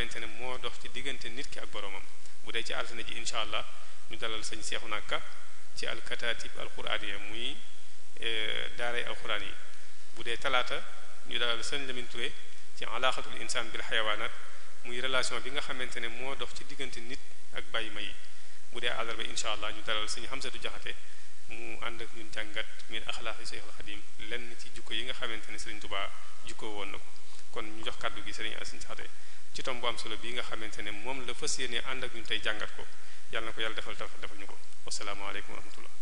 xamante ne moo dox ci diggante nit ki ak boromam bu dee ci altine ji incha allah ñu dalal sëñ seexu Ka ci alkataatib alquraaniya muy eh, daaray alquraan yi bu dee talaata ñu dalal sëñ Lamin Ture ci alaqatul insaan bil xayawaanaat muy relation bi nga xamante ne moo dox ci diggante nit ak bàyyi ma bu dee àllarba incha allah ñu dalal sëñ Xamsatu Jaxate mu ànd ak ñun jàngat min axlaaqi Seexul Xadiim lenn ci jukko yi nga xamante ne Sëriñ Tuubaa jukko woon ko kon ñu jox kàddu gi Sëriñ Asan Jaxate ci tom bu am solo bii nga xamante ne moom la fas yéene ànd ak ñun tey jàngat ko yàlla na ko yàlla defal defal ñu ko wasalaamaaleykum wa rahmatullah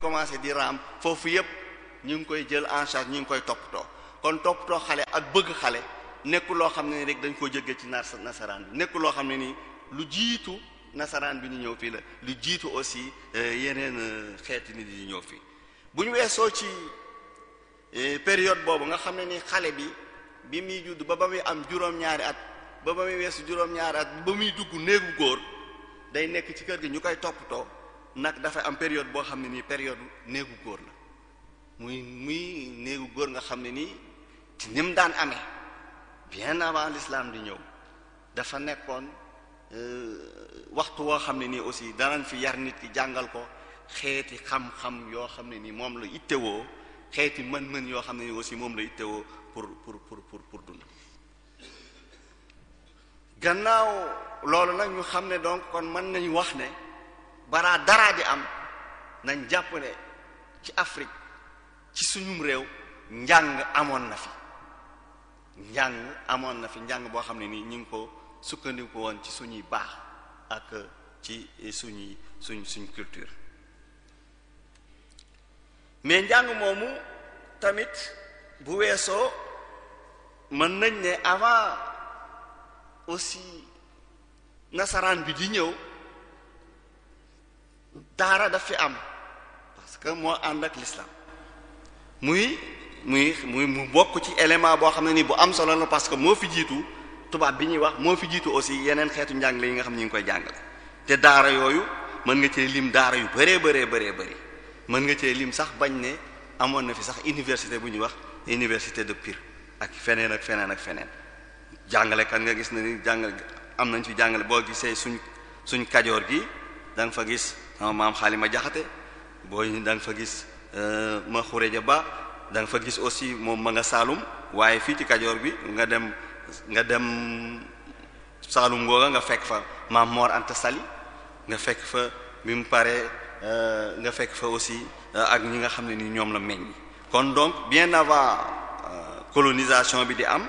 commencé di raam foofu yépp ñu ngi koy jël en charge ñu ngi koy toppatoo kon toppatoo xale ak bëgg xale nekku loo xam ne ni rek dañ ko jógee ci nasaraan bi nekku loo xam ne nii lu jiitu nasaraan bi ni ñëw fii la lu jiitu aussi euh, yeneen euh, xeeti nit yi ñëw fii bu ñu weesoo ci euh, période boobu nga xam ne ni xale bi bi muy judd ba ba muy am juróom-ñaari at ba ba muy weesu juróom-ñaari at ba muy dugg néegu góor day nekk ci kër gi ñu koy toppatoo nag dafa am période boo xam ne nii période néegu góor la muy muy néegu góor nga xam ne nii ci nim daan amee bien avant l'islam di ñëw dafa nekkoon euh, waxtu woo xam ne nii aussi danañ fi yar nit ki jàngal ko xeeti xam-xam yoo xam ne nii moom la ittewoo xeeti mën-mën yoo xam ne aussi moom la ittewoo pour pour pour pour pour dund gannaaw loolu nag ñu xam ne donc kon mën nañu wax ne baraa daraa di am nañ jàpp ne ci Afrique ci suñum réew njàng amoon na fi njàng amoon na fi njàng boo xam ne nii ñu ngi ko sukkandiku woon ci suñuy baax ak ci suñuy suñ suñ culture mais njàng moomu tamit bu weesoo mën nañ ne avant aussi nasaraan bi di ñëw daara daf fi am parce que moo ànd ak l'islam muy muy muy mu bokk ci élément boo xam ne nii bu am solo la parce que moo fi jiitu tubaab bi ñuy wax moo fi jiitu aussi yeneen xeetu njàngale yi nga xam ne ñu ngi koy jàngale te daara yooyu mën nga cee lim daara yu bëree bëree bëree bëri mën nga cee lim sax bañ ne amoon na fi sax université bu ñuy wax université de Pire ak feneen ak feneen ak feneen jàngale kan nga gis na ni jàngale am nañ fi jàngale boo gisee suñ suñ kajoor gi da nga fa gis. sama maam xaalima jaxate booy da danga fa gis euh, ma xureja ba da nga fa gis aussi moom ma nga saalum waaye fii ci kajoor bi nga dem nga dem saalum googa nga fekk fa maam moor anta sali nga fekk fa bi mu paree euh, nga fekk fa aussi euh, ak ñi nga xam ne ni ñoom la meññ kon donc bien avant colonisation bi di am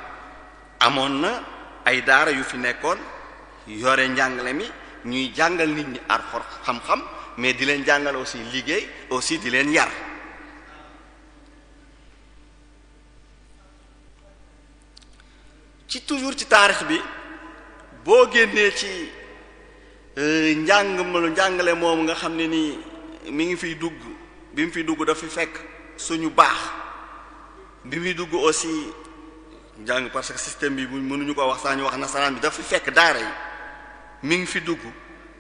amoon na ay daara yu fi nekkoon yore njàngale mi ñuy jàngal nit ñi ar xor xam-xam mais di leen jàngale aussi liggéey aussi di leen yar ci toujours ci taarix bi boo génnee ci euh, njàng ma njàngale moom nga xam ne nii mi ngi fiy dugg bi mu fiy dugg dafa fekk suñu baax bi muy dugg aussi njàng parce que système bi bu mënuñu ko wax saa ñu wax nasaraan bi dafa fekk daara yi mi ngi fi dugg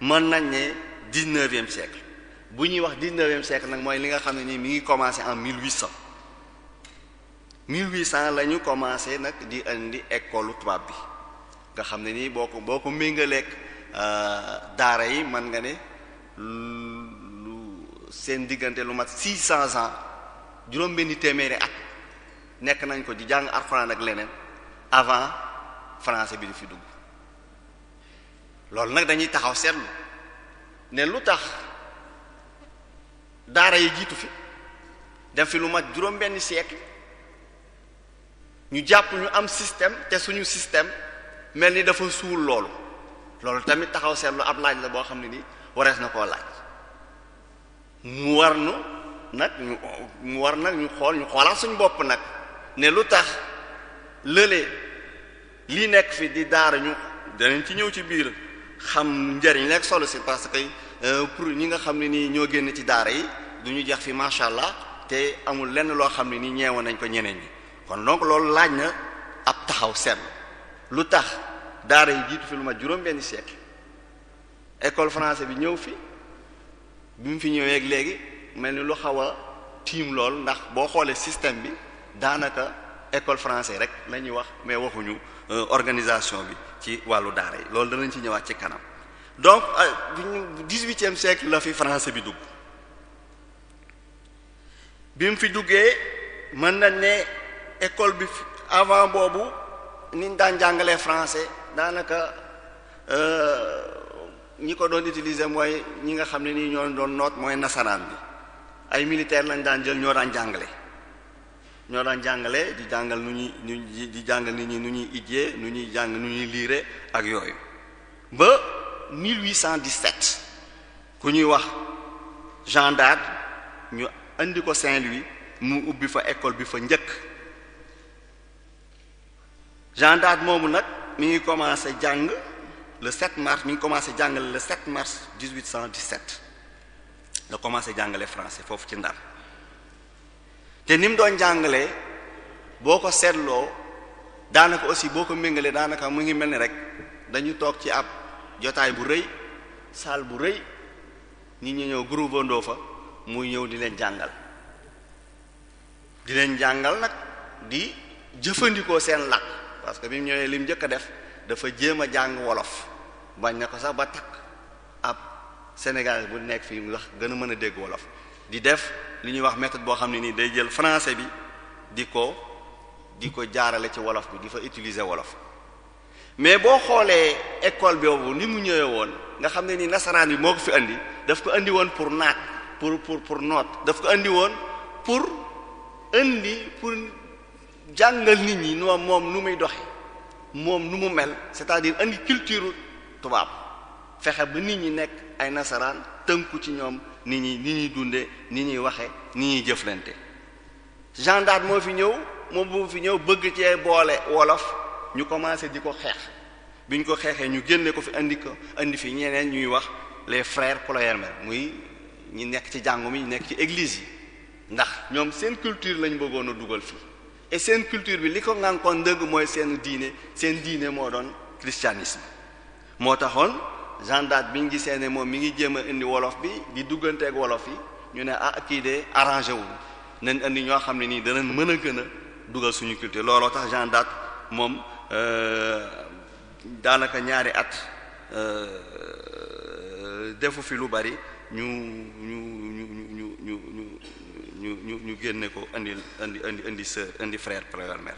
mën nañ ne dix-neuvième siècle bu ñuy wax dix-neuvième siècle nag mooy li nga xam ne nii mi ngi commencé en mille huit cent mille huit cent lañu ñu commencé nag di indi école tubaab bi nga xam ne nii boo ko boo ko nga méngaleeg euh, daara yi man nga ne lu seen diggante lu mag six cents ans juróom-benni téeméeri at nekk nañ ko di jàng alxuraan ak leneen avant français bi di fi dugg loolu nag dañuy taxaw seetlu. ne lu tax daara yi jiitu fi def fi lu mat juróom-benn siècle ñu jàpp ñu am système te suñu système mel ni dafa suul loolu loolu tamit taxaw seetlu ab laaj la boo xam ne nii warees na koo laaj mu war nu nag mu war nag ñu xool ñu xoolaat suñu bopp nag ne lu tax lële lii nekk fi di daara ñu danañ ci ñëw ci biir. xam njariñ leeg solo si parce que euh, pour ñi nga xam ne nii ñoo génn ci daara yi du ñu jeex fi macha allah te amul lenn loo xam ne nii ñeewoon nañ ko ñeneen ñi kon donc loolu laaj na ab taxaw seetlu lu tax daara yi jiitu fi lu ma juróom-benn siècle école française bi ñëw fi bi mu fi ñëwee ak léegi mel ni lu xaw a tiim lool ndax boo xoolee système bi daanaka école française rek la ñuy wax mais waxuñu euh, organisation bi. ci wàllu daara yi loolu danañ ci ñëwaat ci kanam donc euh, dix-huitième siècle la fi français bi dugg bi mu fi duggee mën na ne école bi avant boobu niñ daan jàngalee français daanaka euh, ñi ko doon utiliser mooy ñi nga xam ne nii ñoo doon noot mooy nasaraan bi ay militaire lañ daan jël ñoo daan jàngale ñoo daan jàngale di jàngal nu ñuy ñu di jàngal nit ñi nu ñuy ijjee nu ñuy jàng nu ñuy liire ak yooyu ba 1817 ku ñuy wax Jean Dade ñu indi ko Saint-Louis mu ubbi fa école bi fa njëkk Jean moomu nag mi ngi commencé jàng le 7 mars mi ngi commencé jàngale le 7 mars 1817 la commencé jàngale français foofu ci Ndar te ni mu doon jàngalee boo ko seetloo daanaka aussi boo ko méngalee daanaka mu ngi mel ni rek dañu toog ci ab jotaay bu rëy salle bu rëy ni ñu ñëw groupandoo fa muy ñëw di leen jàngal di leen jàngal nag di jëfandikoo seen làkk parce que bi mu ñëwee li njëkk a def dafa jéem a jàng wolof bañ na ko sax ba takk ab Sénégal bu nekk fii mu wax gën a mën a dégg wolof di def li ñuy wax méthode boo xam ne nii day jël français bi di ko di ko jaarale ci wolof bi di fa utiliser wolof mais boo xoolee école bi boobu ni mu ñëwee woon nga xam ne nii nasaraan bi moo ko fi andi daf ko indi woon pour naat pour pour pour noot daf ko andi woon pour andi pour jàngal nit ñi noo moom nu muy doxe moom nu mu mel c'est-à-dire indi culture tubaab fexe ba nit ñi nekk ay nasaraan tënku ci ñoom ni ñuy ni ñuy dundee ni ñuy waxee ni ñuy jëflante gendarme moo fi ñëw moom bu fi ñëw bëgg cee boole wolof ñu commencé di ko xeex biñ ko xeexee ñu génne ko fi indi ko indi fi ñeneen ñuy wax les frères ploermel muy ñi nekk ci jàngu mi ñu nekk ci église yi ndax ñoom seen culture lañ bëggoon a dugal fii et seen culture bi li ko ngànkoon dëgg mooy seen diine seen diine moo doon christianisme moo taxoon gendarme bi ñu gisee ne moom mi ngi jéem a indi wolof bi di dugganteeg wolof yi ñu ne ah kii de arrangé wu nañ indi ñoo xam ne nii danañ mën a gën a dugal suñu culture looloo tax gendarme moom euh, daanaka ñaari at euh, defu fi lu bari ñu ñu ñu ñu ñu ñu ñu ñu ñu génne ko indi indi indi indi sœur indi frère première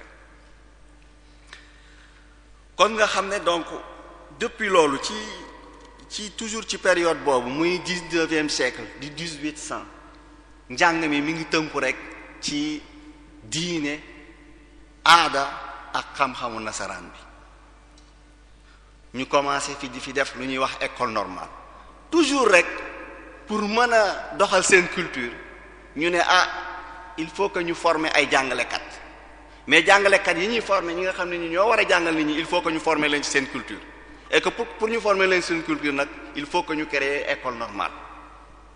kon nga xam ne donc depuis loolu ci. ci toujours ci période boobu muy dix-neuvième siècle di dix-huit cent njàng mi mi ngi tënku rek ci diine aada ak xam-xamu nasaraan bi ñu commencer fi di fi def lu ñuy wax école normal toujours rek pour mën a doxal seen culture ñu ne ah il faut que ñu former ay jàngalekat mais jàngalekat yi ñuy former ñi nga xam ne ñu ñoo war a jàngal nit ñi il faut que ñu former leen ci seen culture et que pour pour ñu former leen suñu culture nag il faut que ñu créer école normale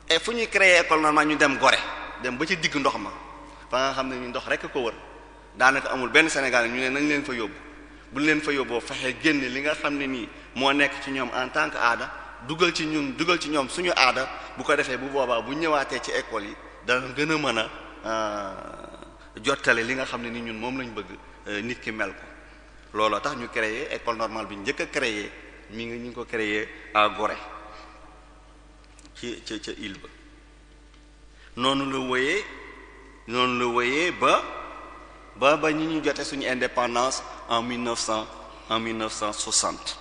et fu ñuy créer école normale ñu dem gore dem ba ci digg ndox ma fa nga xam ne ñu ndox rek ko wër daanaka amul benn Sénégal yi ñu ne nañ leen fa yóbbu bu leen fa yóbboo fexe génn li nga xam ne nii moo nekk ci ñoom en tant que aada dugal ci ñun dugal ci ñoom suñu aada bu ko defee bu boobaa bu ñëwaatee ci école yi dana gën a mën a euh, jottale li nga xam ne ni ñun moom lañ bëgg euh, nit ki mel looloo tax ñu créer école normale bi njëkk a créer mi ngi ñu ngi ko créé à Gorée ci ca ca île noonu la woyee noonu la woyee ba ba ba ñu ñu jote suñu indépendance en 1900 en 1960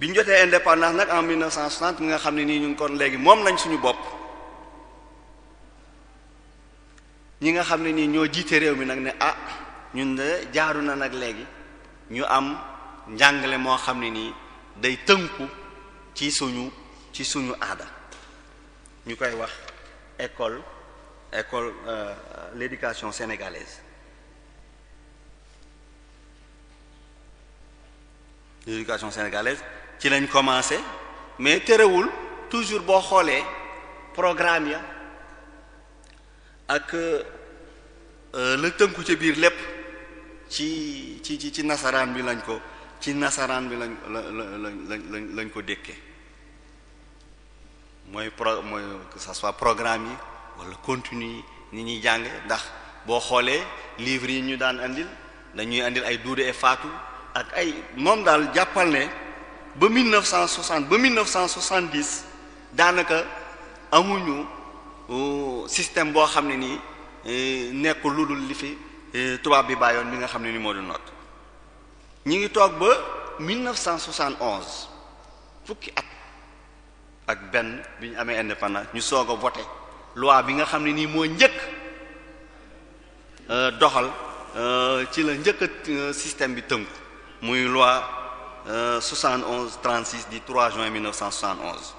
bi ñu jotee indépendance nag en 1960 mi nga xam ne nii ñu ngi kon léegi moom nañ suñu bopp ñi nga xam ne nii ñoo jiite réew mi nag ne ah ñun de jaaru na nag léegi ñu am njàngale moo xam ne nii day tënku ci suñu ci suñu aada ñu koy wax école école euh, l'éducation sénégalaise l'éducation sénégalaise ci lañ commencé mais terewul toujours boo xoolee programme ya ak euh, la tënku ca biir lépp ci ci ci nasaraan bi lañ ko ci nasaraan bi lañ la lañ lañ ko dékkee mooy pro mooy que ça soit programme yi walla continu yi ni ñuy jàng ndax boo xoolee livre yi ñu daan indil dañuy indil ay Duudu et Faatu ak ay moom daal jàppal ne ba 1960 ba 1970 daanaka amuñu euh, système boo xam ne nii euh, nekkul lu dul li fi euh, tubaab bi bàyyoon bi nga xam ne ni moo du noot ñu ngi toog ba 1971 fukki at ak benn bi ñu amee indépendance ñu soog a voté loi bi nga xam ne nii mooy njëkk euh, doxal euh, ci la njëkk a euh, système bi tënku muy loi 71 36 di 3 juin 1971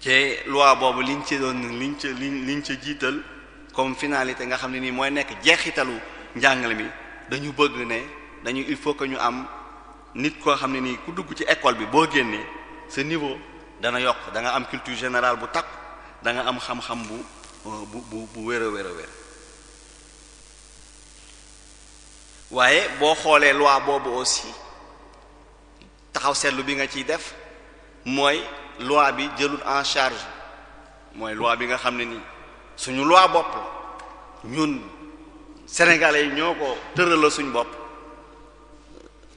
te loi boobu liñ ci doon liñ ci liñ liñ ci jiital comme finalité nga xam ne nii mooy nekk jeexitalu njàngale mi dañu bëgg ne dañu il faut que ñu am nit koo xam ne nii ku dugg ci école bi boo génnee sa niveau dana yokk da nga am culture générale bu takk da nga am xam-xam bu euh, bu bu bu wér a wér a wér waaye boo xoolee loi boobu aussi taxaw seetlu bi nga ciy def mooy loi bi jëlul en charge mooy loi bi nga xam ne nii suñu loi bopp ñun sénégalais yi ñoo ko tërala suñ bopp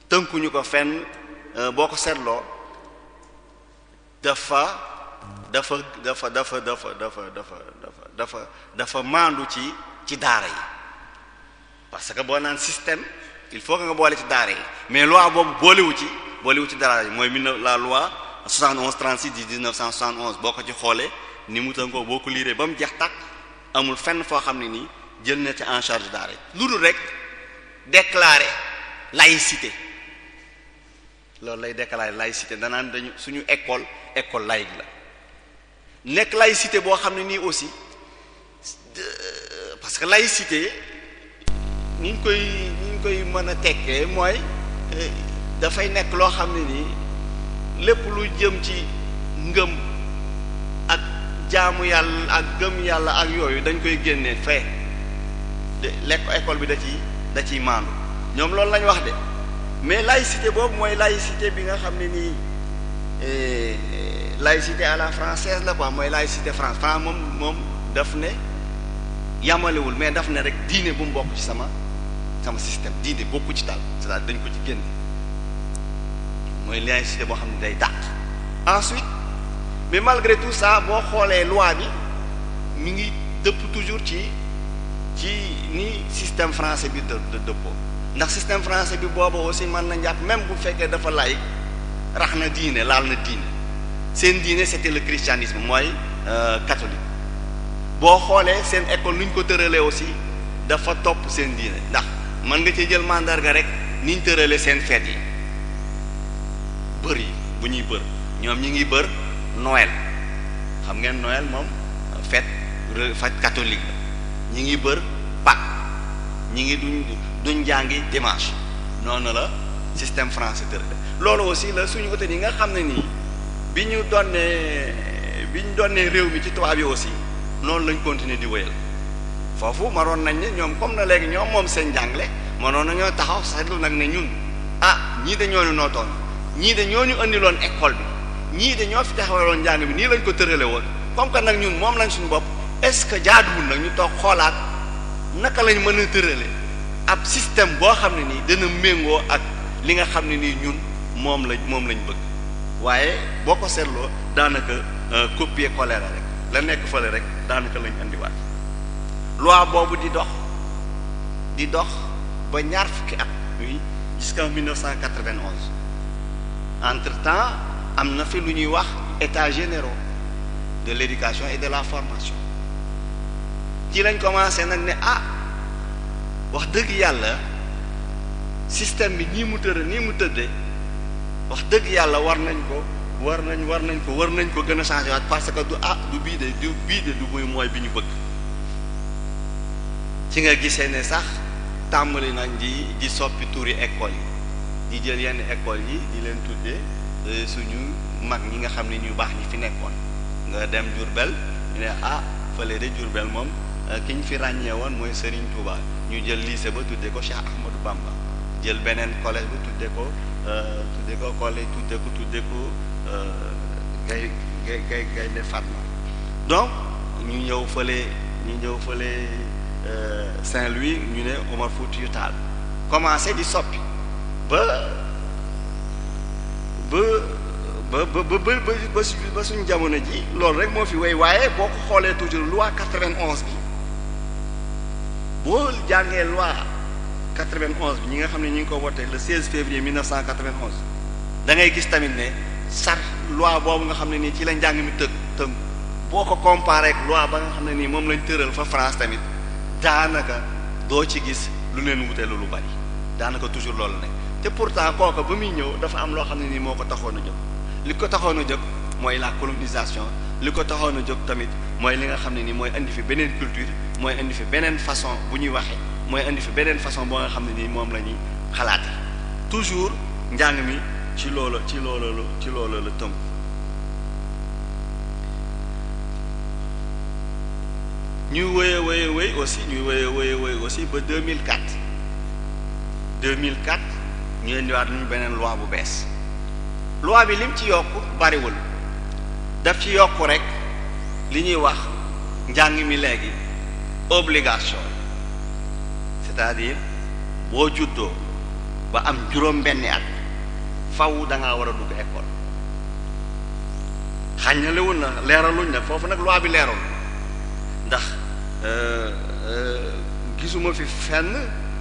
tënkuñu ko fenn euh, boo ko seetloo dafa dafa dafa dafa dafa dafa dafa dafa dafa dafa maandu ci ci daara yi parce que boo naan système il faut que nga boole ci daara yi mais loi boobu boolewu ci boolewu ci daara yi mooy mille la loi 71 36 di 1971 boo ko ci xoolee ni mu tënkoo boo ko liiree ba mu jeex tàkk amul fenn foo xam ne nii jël na ci en charge daara lu dul rek déclarer laïcité loolu lay déclarer laïcité danaan dañu suñu école école laïque la nekk laïcité boo xam ne nii aussi parce que laïcité ni ñu koy ni ñu koy mën a tekkee mooy euh, dafay nekk loo xam ne nii lépp lu jëm ci ngëm ak jaamu yàlla ak gëm yàlla ak yooyu dañ koy génnee fee lekk école bi da ci da ci maandu ñoom loolu lañ wax de mais laïcité boobu mooy laïcité bi nga xam ne nii eh, laïcité à la française la quoi mooy laïcité France France moom moom daf ne yamalewul mais daf ne rek diine bu mu bokk ci sama sama système diine bokku ci daal cest dañ ko ci génn mooy laïcité boo xam ne day dàq ensuite mais malgré tout saa boo xoolee loi bi mu ngi dëpp toujours ci ci ni système français bi de de dëppoo ndax système français bi booba aussi mën na jàpp même bu fekkee dafa laïc rax na diine laal na diine seen diine c'était le christianisme mooy euh, catholique boo xoolee seen école nu ñu ko tëralee aussi dafa topp seen diine ndax mën nga ci jël màndarga rek ni ñu tëralee seen fête yi bër yi bu ñuy bër ñoom ñi ngi bër Noël xam ngeen noel moom fête fête catholique la ñi ngi bër pak ñi ngi du duñ jàngi dimanche noonu la système français tër loolu aussi la suñu hôtel yi nga xam ne nii bi ñu donnee bi ñu donnee réew mi ci tubaab yi aussi loolu lañ continuer di wéyal foofu maroon nañ ne ñoom comme na léegi ñoom moom seen jàngale manoon ñoo taxaw seetlu nag ne ñun ah ñii de ñoo ñu nootoon ñii de ñoo ñu indiloon école bi ñii de ñoo fi taxawaloon njàng bi nii lañ ko tërale woon comme que nag ñun moom lañ suñu bopp est-ce que jaaduwul nag ñu toog xoolaat naka lañ mën a tërale ab système boo xam ne nii dana méngoo ak li nga xam ne nii ñun moom lañ moom lañ bëgg waaye boo ko seetloo daanaka euh, copier coller la rek la nekk fële rek daanaka lañ indiwaat loi boobu di dox di dox ba ñaar fukki at muy jusqu'en 1991 entre-temps am na fi lu ñuy wax états généraux de l'éducation et de la formation ci lañ commencé nag ne ah wax dëgg yàlla système bi nii mu tëra nii mu tëddee wax dëgg yàlla war nañ ko war nañ war nañ ko war nañ ko gën a changé parce que du ah du bii de du bii de du muy mooy bi ñu bëgg ci nga gisee ne sax tàmbali nañ di di soppi turi école yi di jël yenn école yi di leen tuddee euh, suñu mag ñi nga xam ne ñu baax ni fi nekkoon nga dem Jurbel ñu ne ah fële de Jurbel moom Euh, ki ñu fi ràññee woon mooy Serigne Touba ñu jël lycée ba tuddee ko Cheikh Ahmadou Bamba jël beneen collège ba tuddee ko euh, tuddee ko collège tuddee ko tuddee ko euh, gay gay gay Gaynde Fatma donc ñu ñëw fële ñu ñëw fële Saint-Louis ñu ne Omar Foutiyou Tall commencé di soppi ba ba ba ba ba ba ba suñu jamono ji loolu rek moo fi way waaye boo ko xoolee toujours loi 91 bi. boo jàngee loi 91 bi ñi nga xam ne ñu ngi ko voté le 16 février 1991 da ngay gis tamit ne sar loi boobu nga xam ne nii ci la njàng mi të tënk boo ko comparé ak loi ba nga xam ne nii moom lañ tëral fa France tamit daanaka doo ci gis lu leen wutee lu bari daanaka toujours loolu nag te pourtant kooka ba muy ñëw dafa am loo xam ne nii moo ko taxoon a jóg li ko taxoon a mooy la colonisation. li ko taxoon a jóg tamit mooy li nga xam ne nii mooy indi fi beneen culture mooy indi fi beneen façon bu ñuy waxee mooy indi fi beneen façon boo nga xam ne nii moom la ñuy xalaate toujours njàng mi ci loolu ci loolu ci loolu la tënk ñuy wéye wéye wéy aussi ñuy wéye wéye wéy aussi ba 2004 2004 ñu indiwaat lu ñu beneen loi bu bees loi bi lim ci yokk bariwul daf ci yokk rek li ñuy wax njàng mi léegi obligation c'est-à-dire boo juddoo ba am juróom-benni at faw da ngaa war a dugg école xàññalewul na leeraluñ na foofu nag loi bi leerul ndax euh, euh, gisuma fi fenn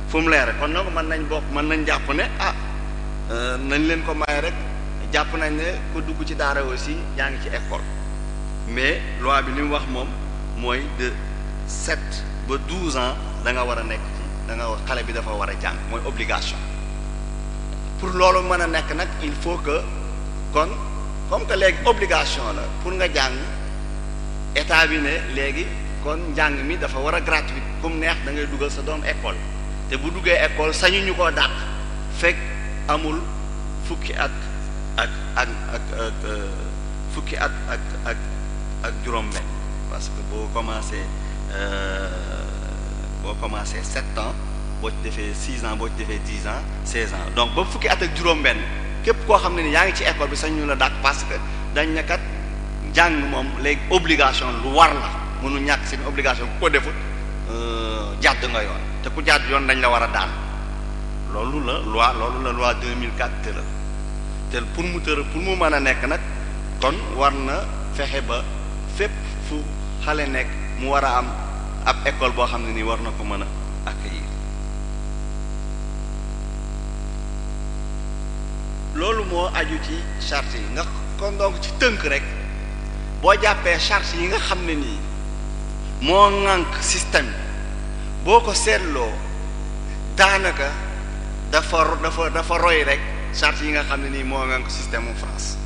fu mu leere kon nag mën nañ bokk mën nañ jàpp ne ah euh, nañ leen ko maye rek jàpp nañ ne ko dugg ci daara aussi yaa ngi ci école mais loi bi li wax moom mooy de sept ba douze ans da nga war a nekk ci da xale bi dafa war a jàng mooy obligation pour loolu mën a nekk nag il faut que kon comme que léegi obligation la pour nga jàng état bi ne léegi kon njàng mi dafa war a gratuit comme neex da ngay dugal sa doom école te bu duggee école sañu ñu koo dàq fekk amul fukki at ak ak ak euh, fukki at ak ak ak juróom-benn parce que boo commencé euh, boo commencé sept ans boo ci defee six ans boo ci defee dix ans seize ans donc ba fukki at ak juróom-benn képp koo xam ne ni yaa ngi ci école bi sax ñu la parce que dañ ne kat jàng moom léegi obligation lu war la mënul ñàkk seen obligation ku ko defut euh, jàdd nga yoon te ku jàdd yoon dañ la war a daan loolu la loi loolu deux mille 2004 la. te pour mu tër pour mu mën a nekk nag kon war na fexe ba fépp fu xale nekk mu war a am ab école boo xam ne nii war na ko mën a accueillir loolu moo aju ci charte yi nga ko donc ci tënk rek boo jàppee charte yi nga xam ne nii moo ŋànk système boo ko seetloo daanaka dafa dafa dafa roy rek charte yi nga xam ne nii moo nga ko système u France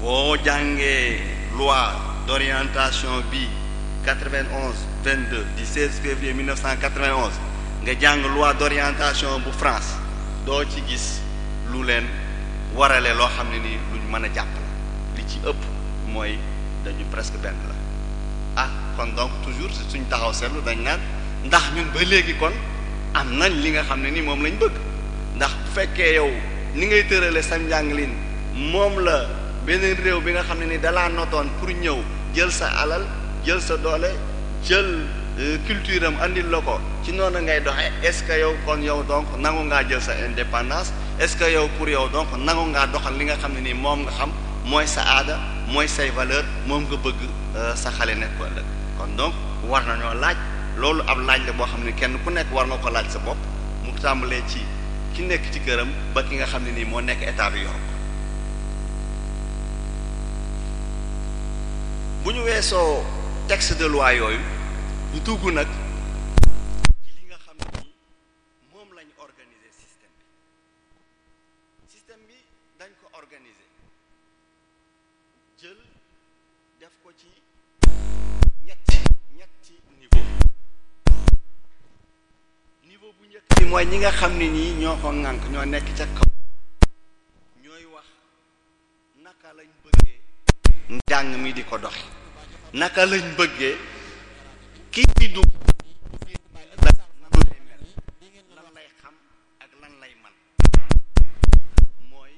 boo jàngee loi d'orientation bi 91 22 du 16 février 1991 nga jàng loi d'orientation bu France doo ci gis lu leen warale loo xam ne nii luñ mën a jàpp la li ci ëpp mooy dañu presque benn la ah kon donc toujours suñ taxaw selu dañ naan ndax ñun ba léegi kon am nañ li nga xam ne nii moom lañ bëgg ndax bu fekkee yow ni ngay tërale sa njànglin moom la beneen réew bi nga xam ne nii dalaa notoon pour ñëw jël sa alal jël sa doole jël euh, culture am andil la ko ci noonu ngay doxe est-ce que yow kon yow donc nangu ngaa jël sa indépendance est-ce que yow pour yow donc nangu ngaa doxal li nga xam ne nii moom nga xam mooy sa aada mooy say valeur moom nga bëgg euh, sa xale nekk ko ëllëg kon donc war nañoo laaj loolu ab laaj la boo xam ne kenn ku nekk war nga ko laaj sa bopp mu tàmbalee ci ki nekk ci këram ba ki nga xam ne nii moo nekk état bi bu ñu weesoo texte de loi yooyu ñu tugg nag ci li nga xam ne nii moom lañ organiser système bi système bi dañ ko organiser jël def ko ci mooy ñi nga xam ne nii ñoo ko ŋànk ñoo nekk ca kaw ñooy wax naka lañ bëggee njàng mi di ko doxe naka lañ bëggee kii di du lan lay xam ak lan lay man mooy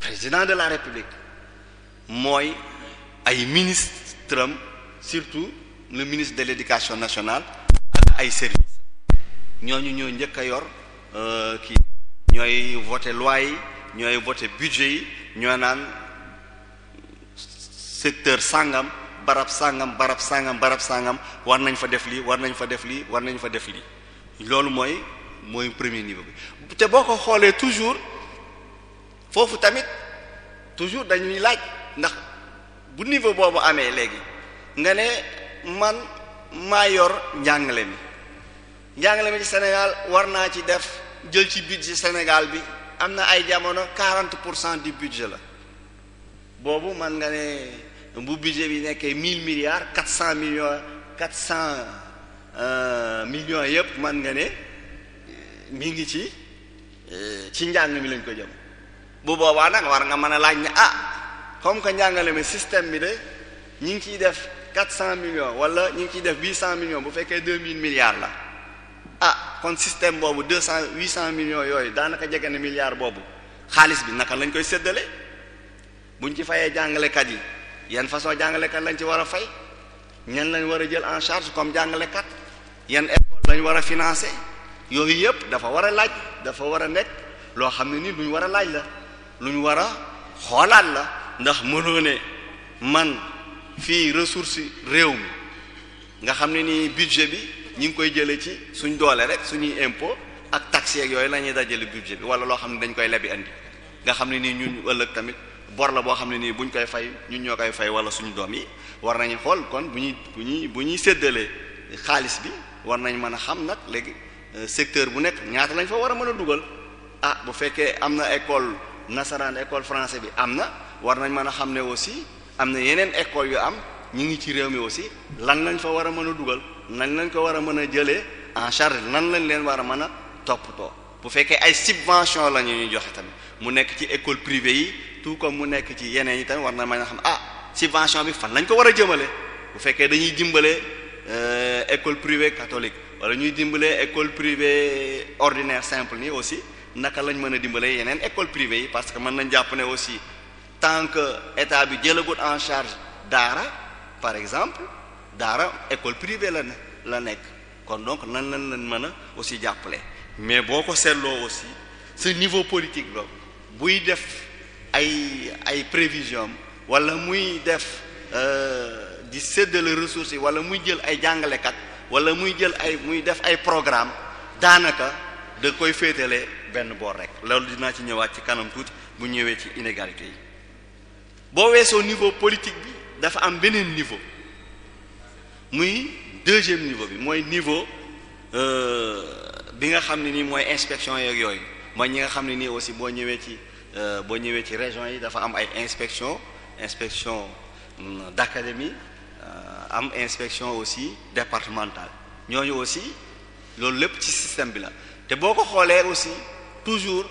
président de la république mooy ay ministre am surtout le ministre de l'éducation nationale ak ay service ñooñu ñoo njëkk a yor euh, kii ñooy voté loi yi ñooy voté budget yi ñoo naan secteur sàngam barab sàngam barab sàngam barab sàngam war nañ fa def lii war nañ fa def lii war nañ fa def lii loolu mooy mooy premier niveau bi te boo ko xoolee toujours foofu tamit toujours dañuy laaj ndax bu niveau boobu amee léegi nga ne man maa yor njàngale mi njàngale mi ci Sénégal war naa ci def jël ci budget Sénégal bi am na ay jamono 40 pour cent du budget la boobu man nga ne bu budget yi nekkee 1000 milliards 400 millions 400 euh, millions yëpp man nga ne euh, mii ngi ci euh, ci njàng mi lañ ko jëm bu boobaa nag war nga mën a laaj ne ah comme que njàngale mi système bi de ñi ngi ciy def 400 millions wala ñi ngi ciy def 800 millions bu fekkee 2000 milliards la. ah kon système boobu deux cent huit cent millions yooyu daanaka jege na milliard boobu xaalis bi naka lañ koy séddale buñ ci fayee jàngalekat yi yan façon jàngalekat lañ ci war a fay ñan lañ war a jël en charge comme jàngalekat yan école lañ war a financer yooyu yëpp dafa war a laaj dafa war a nekk loo xam ne ni luñ war a laaj la luñ war a xoolaat la ndax mënoo man fii ressource réew mi nga xam ne nii budget bi. ñu ngi koy jëlee ci suñ doole rek suñuy impôt ak taxe yeeg yooyu la ñuy dajale budget bi wala loo xam ne dañ koy lebi andi nga xam ne nii ñun ëllëg tamit bor la boo xam ne nii bu ñu koy fay ñun ñoo koy fay wala suñu doom yi war nañu xool kon bu ñuy bu ñuy bu ñuy séddalee xaalis bi war nañ mën a xam nag léegi euh, secteur bu nekk ñaata lañ fa war a mën a dugal ah bu fekkee am na école nasaraan école français bi am na war nañ mën a xam ne aussi am na yeneen école yu am ñu ngi ci réew mi aussi lan lañ fa war a mën a dugal nan lañ ko war a mën a jëlee en charge nan lañ leen war a mën a toppatoo bu fekkee ay subvention la ñu joxe tamit mu nekk ci école privée yi tout comme mu nekk ci yeneen yi tamit war na mën a xam ah subvention bi fan lañ ko war a jëmale bu fekkee dañuy dimbale euh, école privée catholique wala ñuy dimbale école privée ordinaire simple nii aussi naka lañ mën a dimbale yeneen école privée yi parce que mën nañ jàpp ne aussi tant que état bi jëlagut en charge daara par exemple daara école privée la ne la nekk kon donc nan lañ leen mën a aussi jàppale mais boo ko seetloo aussi ce niveau politique la buy def ay ay prévision wala muy def euh, di séddale ressources yi wala muy jël ay jàngalekat wala muy jël ay muy def ay programme daanaka da koy féetale benn boor rek loolu dinaa ci ñëwaat ci kanam tuuti bu ñëwee ci inégalité yi boo weesoo niveau politique bi dafa am beneen niveau muy deuxième niveau bi mooy niveau euh, bi nga xam ne nii mooy inspection yeeg yooyu ma ñi nga xam ne nii aussi boo ñëwee ci euh, boo ñëwee ci région yi dafa am ay inspection inspection hmm, d'académie euh, am inspection aussi départementale ñooñu aussi loolu lépp ci système bi la te boo ko xoolee aussi toujours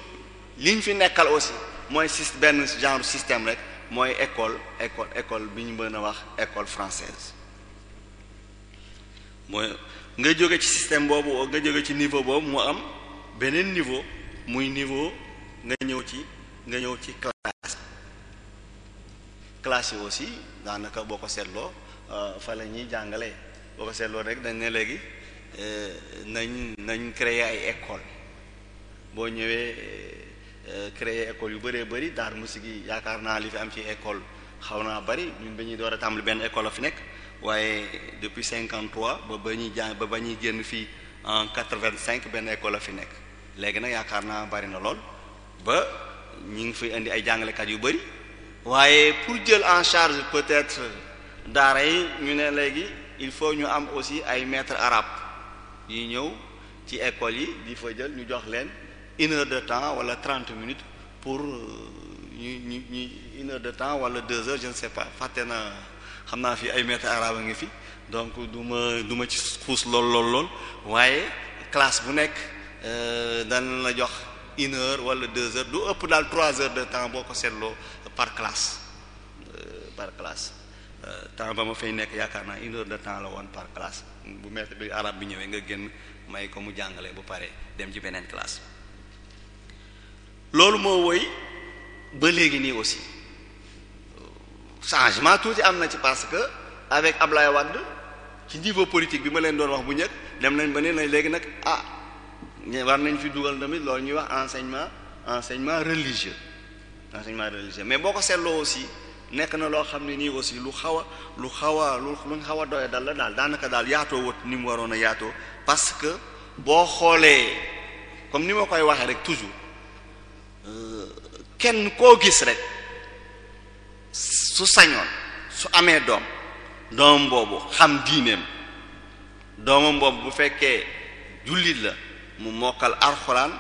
li ñu fi nekkal aussi mooy sis benn genre système rek mooy école école école bi ñu mën a wax école française mooy nga jóge ci système boobu nga jóge ci niveau boobu mu am beneen niveau muy niveau nga ñëw ci nga ñëw ci classe classe yi aussi daanaka boo ko seetloo euh, fa la ñuy jàngalee boo ko seetloo rek dañ ne léegi euh, nañ nañ créer ay école boo ñëwee euh, créer école yu bëree bëri daar musik yi yaakaar naa li fi am ci école xaw naa bari ñun ba door a tàmbali benn école a fi nekk waaye depuis cinquante ba ba ñuy jàng ba ba ñuy génn fii en quatre cinq benn école a fi nekk léegi nag yaakaar naa bari na lool ba ñu ngi fi indi ay jàngalekat yu bari waaye pour jël en charge peut-être daara yi ñu ne léegi il faut ñu am aussi ay maîtres arabes yi ñëw ci école yi di fa jël ñu jox leen une heure de temps wala trente minutes pour euh, ñu ñu ñu une heure de temps wala deux heures je ne sais pas fàtte na xam naa fi ay maître a ngi fi donc du ma du ma ci xuus lool lool lool waaye classe bu nekk euh, dana la jox une heure wala deux heures du ëpp daal trois heures de temps boo ko seetloo par classe euh, par classe euh, temps ba ma fay nekk yaakaar naa une heure de temps la woon par classe bu maître bi arabe bi ñëwee nga génn may ko mu jàngalee bu pare dem ci beneen classe loolu moo woy ba léegi nii aussi changement tuuti am na ci parce que avec Ablaye Wade ci niveau politique bi ma leen doon wax bu njëkk dem nañ ba ne na léegi nag ah war nañ fi dugal tamit loolu ñuy wax enseignement enseignement religieux enseignement religieux mais boo ko seetloo aussi nekk na loo xam ne nii aussi lu xaw a lu xaw a lu luñ xaw a doye dal la daal daanaka daal yaatoo wët ni mu waroon a yaatoo parce que boo xoolee comme ni ma koy waxee rek toujours euh, kenn koo gis rek su sañoon su amee doom doomam boobu xam diineem doomam boobu bu fekkee jullit la mu mokkal alxuraan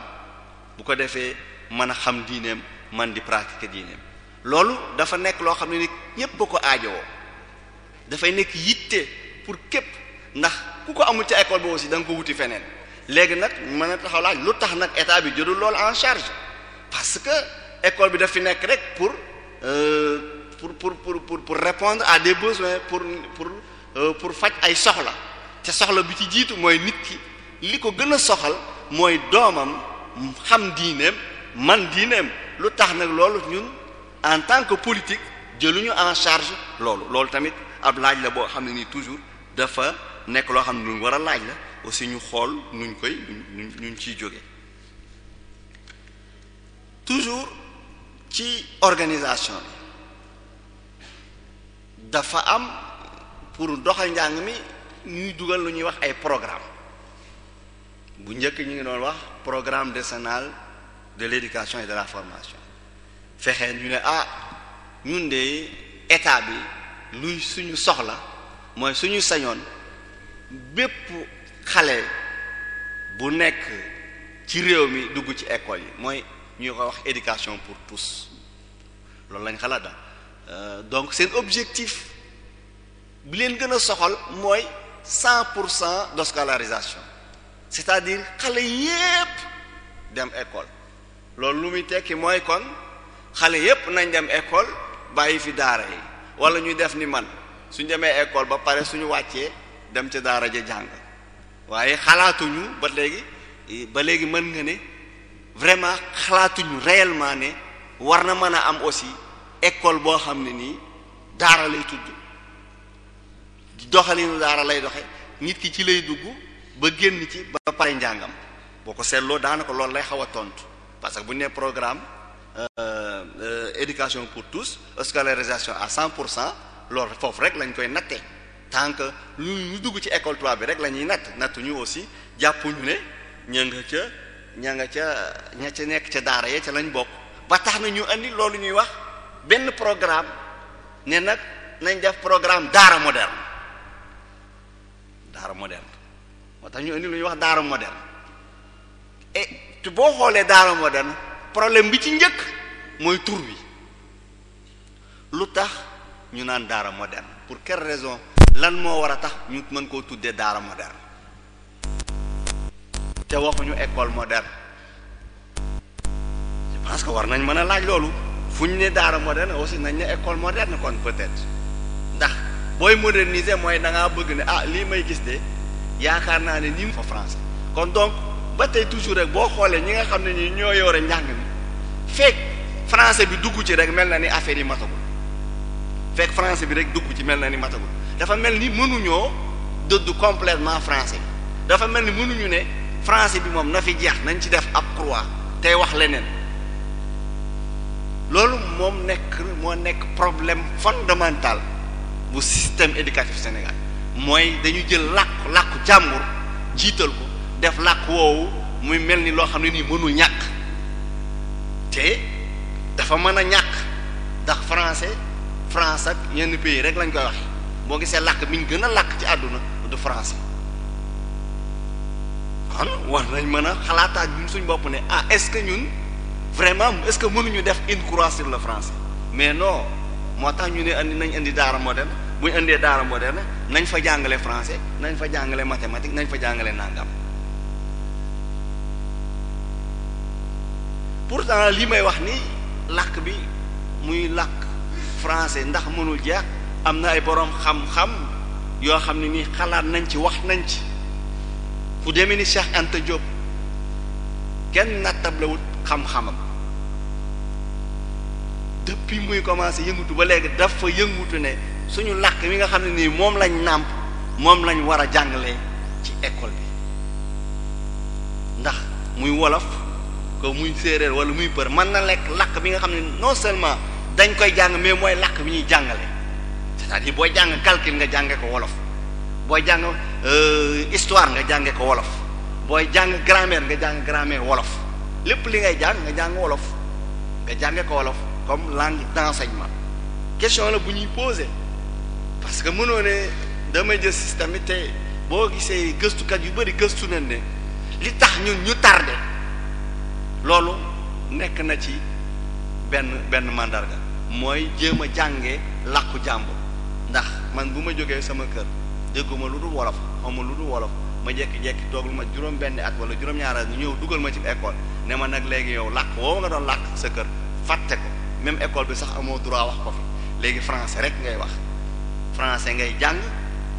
bu ko defee mën a xam diineem man di pratiquer diineem loolu dafa nekk loo xam ne ni ñépp a ko aajowoo dafay nekk yitte pour képp ndax ku ko amul ci école boobu aussi da nga ko wuti feneen léegi nag mën a taxaw lu tax nag état bi jëlul loolu en charge parce que école bi daf fi nekk rek pour. Euh, pour pour pour pour pour répondre à des besoins pour pour euh, pour faj ay soxla te soxla bi ci jiitu mooy nit ki li ko gën a soxal mooy doomam xam diineem man diineem lu tax nag loolu ñun en tant que politique jëluñu en charge loolu loolu tamit ab laaj la boo xam ne nii toujours dafa nekk loo xam ne luñ war a laaj la aussi ñu xool nuñ koy nuñ nuñ jóge toujours ci organisation dafa am pour doxal njàng mi ñuy dugal lu ñuy wax ay programme bu njëkk ñu ngi doon wax programme senal de l'éducation et de la formation fexe ñu ne ah ñun de état bi luy suñu soxla mooy suñu sañoon bépp xale bu nekk ci réew mi dugg ci école yi mooy ñu ko wax éducation pour tous loolu lañ xalaat daal Euh, donc seen objectif bi leen gën a soxal mooy cent pour cent de scolarisation c'est-à-dire xale yépp dem école loolu lu muy tekki mooy kon xale yépp nañ dem école bàyyi fi daara yi wala ñu def ni man su demee école ba pare suñu wàccee dem ca daara ja jàng waaye xalaatuñu ba léegi ba léegi mën nga ne vraiment xalaatuñu réellement ne war na mën a am aussi école boo xam ne nii daara lay tudd doxalinu daara lay doxe nit ki ci lay dugg ba génn ci ba pare njàngam boo ko seetloo daanaka loolu lay xaw a tontu parce que bu ñu nee programme euh, euh, éducation pour tous scolarisation à cent pour cent loolu foofu rek lañ koy nattee tant que lu ñu dugg ci école 3 bi rek la ñuy natt nattuñu aussi jàppuñu ne ña nga ca ña nga ca ña ca nekk ca daara ya ca lañ bokk loolu ñuy wax. benn programme ne nag nañ def programme daara moderne daara moderne moo tax ñu indi lu ñuy wax daara moderne et tu boo xoolee daara moderne problème bi ci njëkk mooy tur bi lu tax ñu naan daara moderne pour quelle raison lan moo war a tax ñu mën koo tuddee daara moderne te waxuñu école moderne je que war nañ mën a laaj loolu fu ñu ne daara moderne aussi nañ ne école moderne kon peut-être ndax booy moderniser mooy da ngaa bëgg ne ah lii may gis de yaakaar naa ne nii fa France kon donc ba tey toujours rek boo xoolee ñi nga xam ne ñi ñoo yore njàng mi fekk français bi dugg ci rek mel na ni affaire yi matagul fekk français bi rek dugg ci mel na ni matagul dafa mel ni mënuñoo dëdd complètement français dafa mel ni mënuñu ne français bi moom na fi jeex nañ ci def ab croix tey wax leneen loolu moom nekk moo nekk problème fondamental bu système éducatif Sénégal mooy dañu jël làkk làkku jàmbur jiital ko def làkk woowu muy mel ni loo xam ne nii mënul ñàkk te dafa mën a ñàkk ndax français France ak yenn pays rek lañ koy wax boo gisee làkk bi ñu gën a làkk ci àdduna du français kon war nañ mën a xalaataat ñun suñ bopp ne ah est-ce que ñun vraiment est-ce que mënuñu def une croix sur le français mais non moo tax ñu ne indi nañ indi daara moderne bu ñu indee daara moderne nañ fa jàngale français nañ fa jàngale mathématique nañ fa jàngale nangam pourtant lii may wax ni làkk bi muy làkk français ndax mënul jeex am na ay boroom xam-xam yoo xam ne nii xalaat nañ ci wax nañ ci ku demee ni Cheikh Anta Diop kenn nattablewut xam-xamam depuis muy commencé yëngutu ba léegi dafa yëngutu ne suñu làkk mi nga xam ne nii moom lañ nàmp moom lañ war a jàngale ci ecole bi ndax muy wolof ko muy séeréer wala muy për mën na lekk làkk bi nga xam ne non seulement dañ koy jàng mais mooy làkk bi jàng jàngale c'est-à-dire booy jàng calcul nga jànge ko wolof booy jàng euh, histoire nga jànge ko wolof booy jàng grammaire nga jàng grammaire wolof lépp li ngay jàng nga jàng wolof nga jànge ko wolof comme langue d'enseignement question la bu ñuy poser parce que mënoo ne damay jël système bi te boo gisee gëstukat yu bëri gëstu nañ de li tax ñun ñu tardé loolu nekk na ci benn benn màndarga mooy jéem a jàngee làkku jàmbur ndax man bu ma jógee sama kër dégguma lu dul wolof xawma lu dul wolof ma jekki-jekki toogul ma juróom benn at wala juróom-ñaar ñu ñëw dugal ma ci école ne ma nag léegi yow làkk woo nga doon làkk sa kër fàtte ko même école bi sax amoo droit wax ko fi léegi francais rek ngay wax francais ngay jàng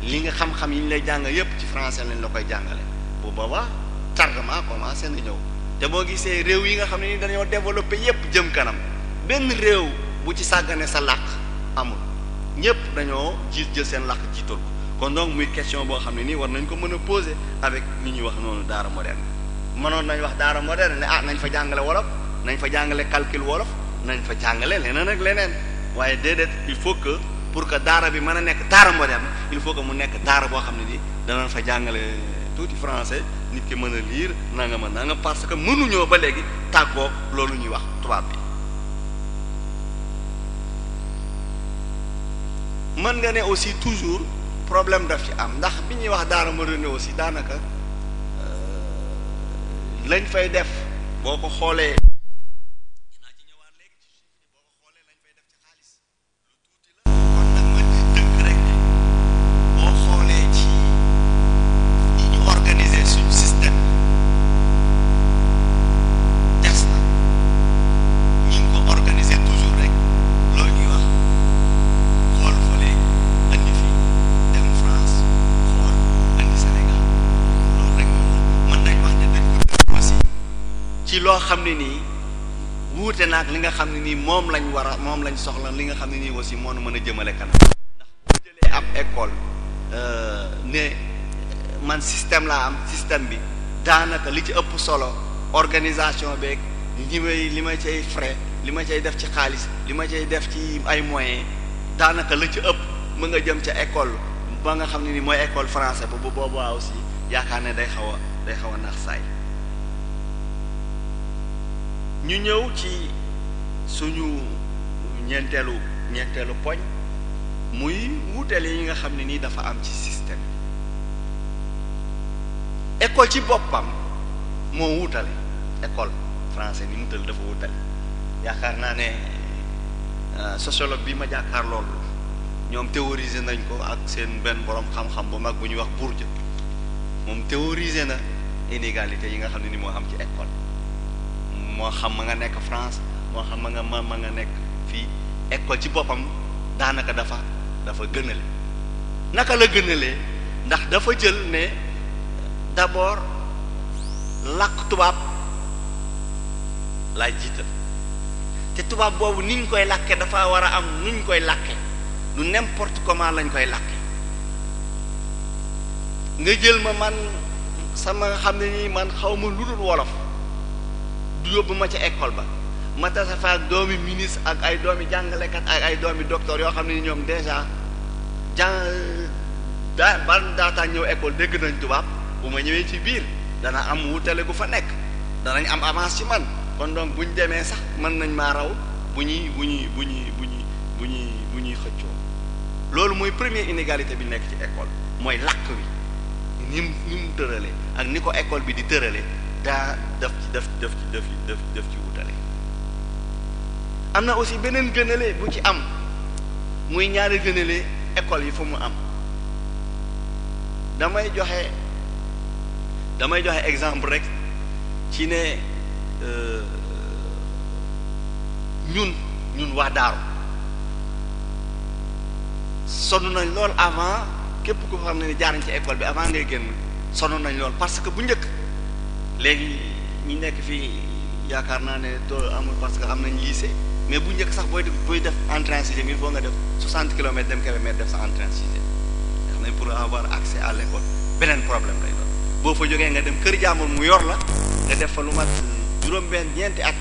li nga xam-xam yi ñu lay jàng yépp ci français lañ la koy jàngale bu boobaa tardement commencé na ñëw te boo gisee réew yi nga xam ne ni dañoo développé yépp jëm kanam benn réew bu ci sàggane sa làkk amul ñépp dañoo jiit jël seen làkk jiital ko kon donc muy question boo xam ne nii war nañ ko mën a poser avec li ñuy wax noonu daara moderne mënoon nañ wax daara moderne ne ah nañ fa jàngale wolof nañ fa jàngale calcul wolof nañ fa jàngale leneen ak leneen waaye déedéet il faut que pour que daara bi mën a nekk daara moderne il faut que mu nekk daara boo xam ne di danañ fa jàngale tuuti français nit ki mën a lire nanga ma nanga parce que mënuñoo ba léegi tàggoo loolu ñuy wax tubaab bi. mën nga ne aussi toujours problème daf ci am ndax bi ñuy wax daara moderne aussi daanaka euh, lañ fay def boo ko xoolee. xam ne nii wuute naag li nga xam ne nii moom lañ war a moom lañ soxla li nga xam ne nii aussi moo nu mën a jëmale kanam ndax bu ab école euh, ne man système laa am système bi daanaka li ci ëpp solo organisation beeg li may li ma cay frais li ma cay def ci xaalis li ma cay def ci ay moyen daanaka la ci ëpp mën nga jëm ca école ba nga xam ne nii mooy école français ba bu boobaa aussi yaakaar ne day xaw a day xaw a naax saay ñu ñëw ci suñu ñeenteelu ñeenteelu poñ muy wuuteel yi nga xam ne nii dafa am ci système école ci boppam moo wuutale école français ni mu tëdd dafa wuutale yaakaar naa ne euh, sociologue bi ma jàkkaar loolu ñoom théorisé nañ ko ak seen benn borom xam-xam bu mag bu ñuy wax Bourdieu moom théorisé na inégalité yi nga xam ne nii moo am ci école moo xam ma nga nekk France moo xam ma nga ma ma nga nekk fii école ci boppam daanaka dafa dafa gënale naka la gënalee ndax dafa jël ne d'abord làkk tubaab laay jiital te tubaab boobu ni ñu koy làkke dafa war a am nu ñu koy làkke du porte comment lañ koy làkke nga jël ma man sama xam ne nii man xaw ma lu dul wolof yóbbu ma ca école ba ma tasa fa ak doomi ministre ak ay doomi jàngalekat ak ay doomi docteur yoo xam ne ñoom déjà jàng daa ban daataa ñëw école dégg nañ tubaab bu ma ñëwee ci biir dana am wutale gu fa nekk danañ am avance ci man kon donc bu ñu demee sax mën nañ maa raw bu ñuy bu ñuy bu ñuy bu ñuy bu ñuy bu ñuy xëccoo loolu mooy premier inégalité bi nekk ci école mooy làkk wi ni mu ni mu tëralee ak ni ko école bi di tëralee daa def ci daf def ci daf daf daf ci wutale am na aussi beneen gënale bu ci am muy ñaari gënale école yi fu mu am damay joxe damay joxe exemple rek ci ne euh, ñun ñun waa daaru sonn nañ lool avant képp ko xam ne ni jaar nañ ci école bi avant ngay génn sonn nañ lool parce que bu njëkk léegi ñu nekk fii yaakaar naa ne doo amul parce que am nañ lycée mais bu njëkk sax booy def booy def entrée en sixième il faut nga def 60 kilomètres dem Kébémer def sa entrée en sixième nga xam pour avoir accès à l'école beneen problème lay boo fa jogee nga dem kër jàmbur mu yor la nga def fa lu mat juróom-benn ñeenti at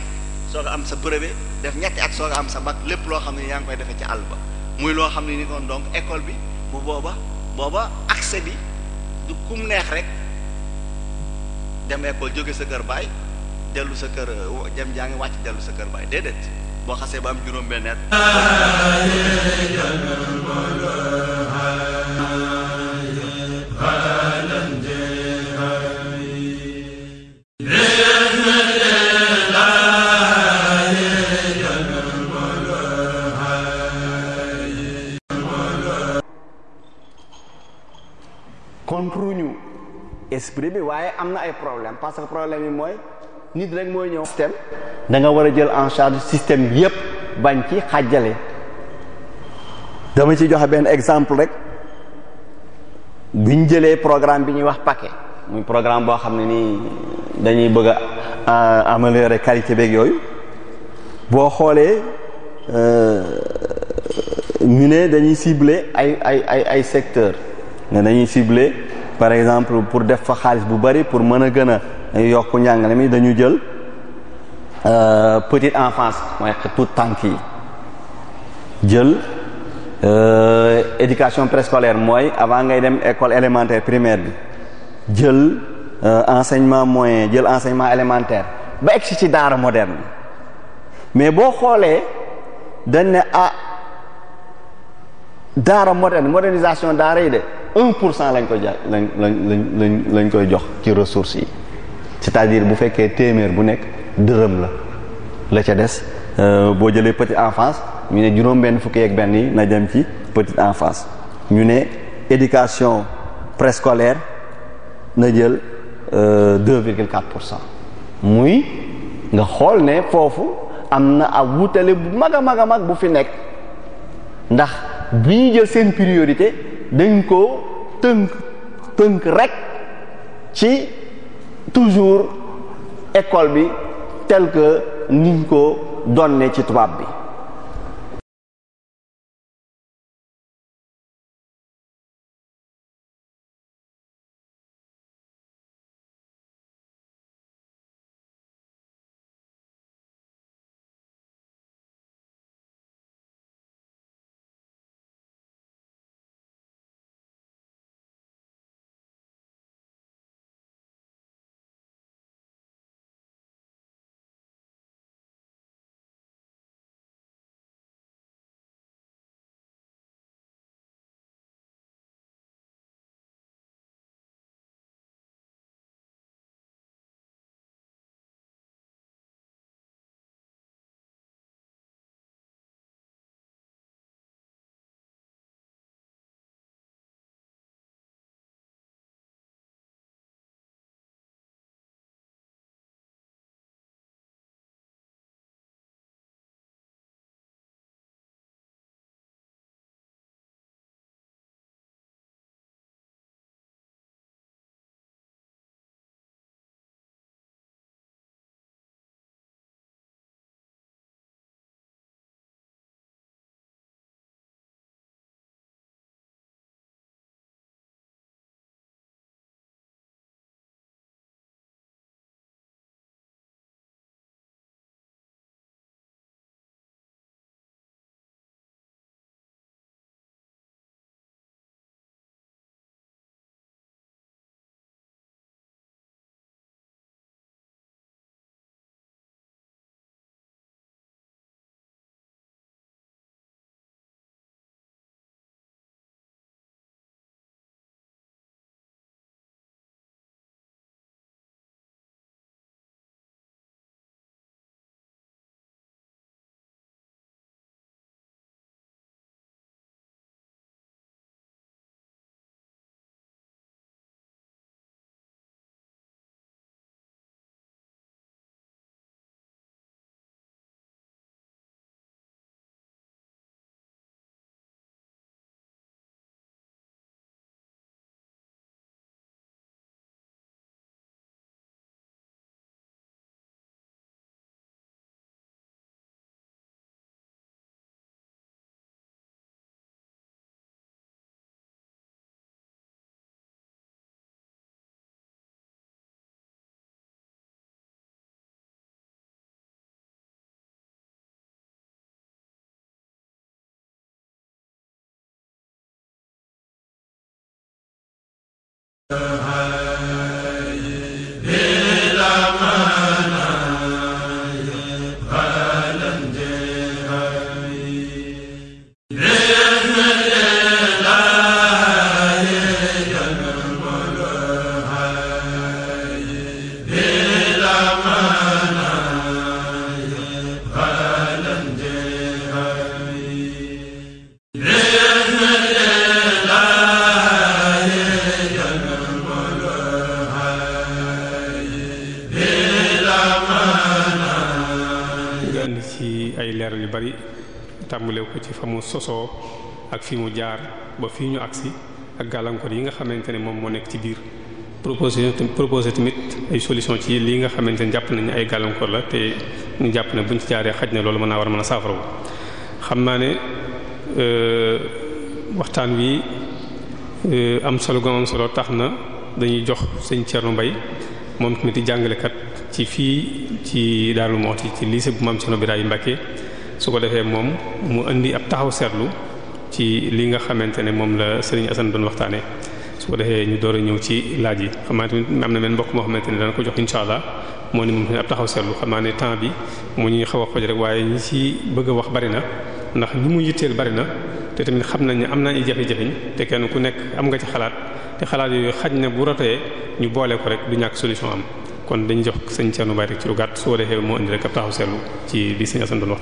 soo ko am sa brevet def ñetti at soo ko am sa bac lépp loo xam ne yaa ngi koy defee ci àll ba muy loo xam ne ni kon donc école bi bu booba booba accès bi du kum neex rek. demee école jóge sa kër baay dellu sa kër dem jaa ngi wàcc dellu sa kër baay déedéet boo xasee ba am juróom-benn bi waaye am na ay problème parce que problème yi mooy nit rek mooy ñëw système da nga war a jël en charge système yépp bañ ci xàjjale dama ci joxe benn exemple rek buñ jëlee programme bi ñuy wax paquet muy programme boo xam ne nii dañuy bëgg a améliorer qualité beeg yooyu boo xoolee euh, ñu ne dañuy cible ay ay ay ay secteurs ne dañuy cibler par exemple pour def fa xaalis bu bari pour mën a gën a yokku njàngale mi dañu jël euh, petite enfance mooy tout tànk yi jël euh, éducation préscolaire mooy avant ngay dem école élémentaire primaire bi jël euh, enseignement moyen jël enseignement élémentaire ba egsi ci daara moderne mais boo xoolee dañ ne ah daara moderne modernisation daara yi de un pour cent lañ ko ja lañ lañ lañ lañ koy jox ci ressources yi c'est-à-dire bu fekkee téeméer bu nekk dërëm la la ca des euh, boo jëlee petite enfance ñu ne juróom-benn fukki ak benn yi na dem ci petite enfance ñu ne éducation préscolaire na jël euh, deux virgule quatre pour cent muy nga xool ne foofu am na ab wutale bu mag a mag a mag bu fi nekk ndax bi ñu jël seen priorité. dañ ko tënk tënk rek ci toujours école bi tel que niñ ko donnee ci tubaab bi Uh-huh. fi mu jaar ba fii ñu agsi ak gàllankoor yi nga xamante ne moom moo nekk ci biir proposé proposé tamit ay solution ci lii nga xamante ne jàpp nañ ay gàllankoor la te ñu jàpp ne buñ ci jaaree xaj na loolu mën naa war a mën a saafara xam naa ne euh, waxtaan wi euh, am solo gom solo tax na dañuy jox sëñ Thierno mbay moom tamit di jàngalekat ci fii ci Darou yi ci lycée bu maam Thierno Birahim Mbacké su ko defee moom mu indi ab taxaw seetlu ci li nga xamante ne moom la Serigne Assane doon waxtaanee su ko defee ñu door a ñëw ci laaj yi xam naa tamit am na benn mbokk moo xamante ne dana ko jox incha allah moo ni moom tamit ab taxaw seetlu xam naa ne temps bi mu ñuy xaw a xoj rek waaye ñi ci bëgg wax bari na ndax ñi mu yitteel bari na te tamit xam nañ ne am na ay jafe te kenn ku nekk am nga ci xalaat te xalaat yooyu xaj na bu rotee ñu boole ko rek du ñàkk solution am kon dañu jox sëñ Thierno Baye rek ci lu gàtt su ko taxaw seetlu ci li sëñ Assane doon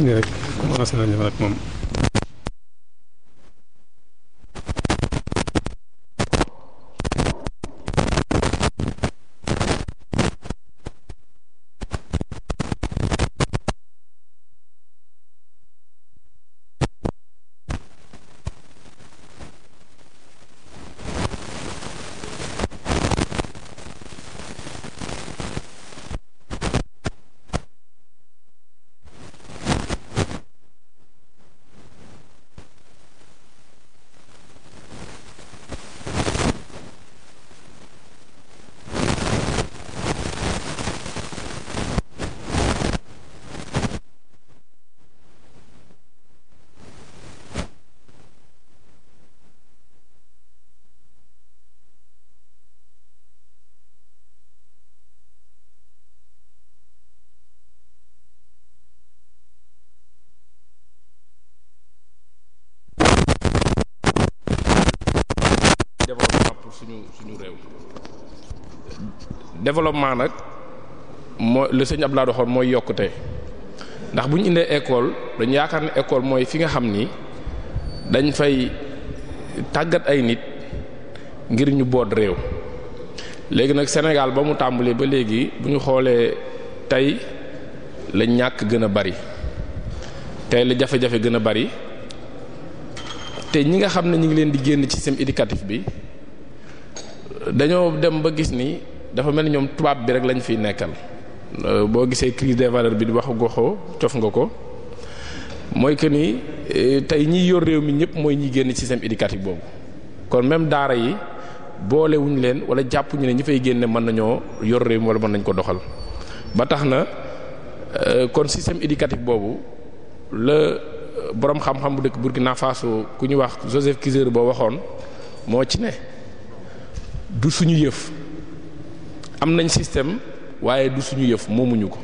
ñooñu rek commencé nañu nag moom. développement nag moo le sëñ Abdoulaye waxoon mooy yokkute ndax bu ñu indee école dañu yaakaar ne école mooy fi nga xam ni dañ fay tàggat ay nit ngir ñu boot réew léegi nag Sénégal ba mu tàmbalee ba léegi bu ñu xoolee tey la ñàkk gën a bari tey la jafe-jafe gën a bari te ñi nga xam ne ñu ngi leen di génn ci système éducatif bi dañoo dem ba gis ni dafa mel ni ñoom tubaab bi rek lañu fiy nekkal euh, boo gisee crise des valeurs bi di waxu goxoo cof nga ko mooy que ni euh, tey ñiy yor réew mi ñëpp mooy ñi génn système éducatif boobu kon même daara yi boolewuñu leen wala jàppuñu ne ñi fay génne mën nañoo yor réew mi wala mën nañ ko doxal ba tax na euh, kon système éducatif boobu la borom xam-xam bu dëkk Burkina Faso ku ñu wax Joseph Kizerbo boo waxoon moo ci ne du suñu yëf am nañ système waaye du suñu yëf moomuñu ko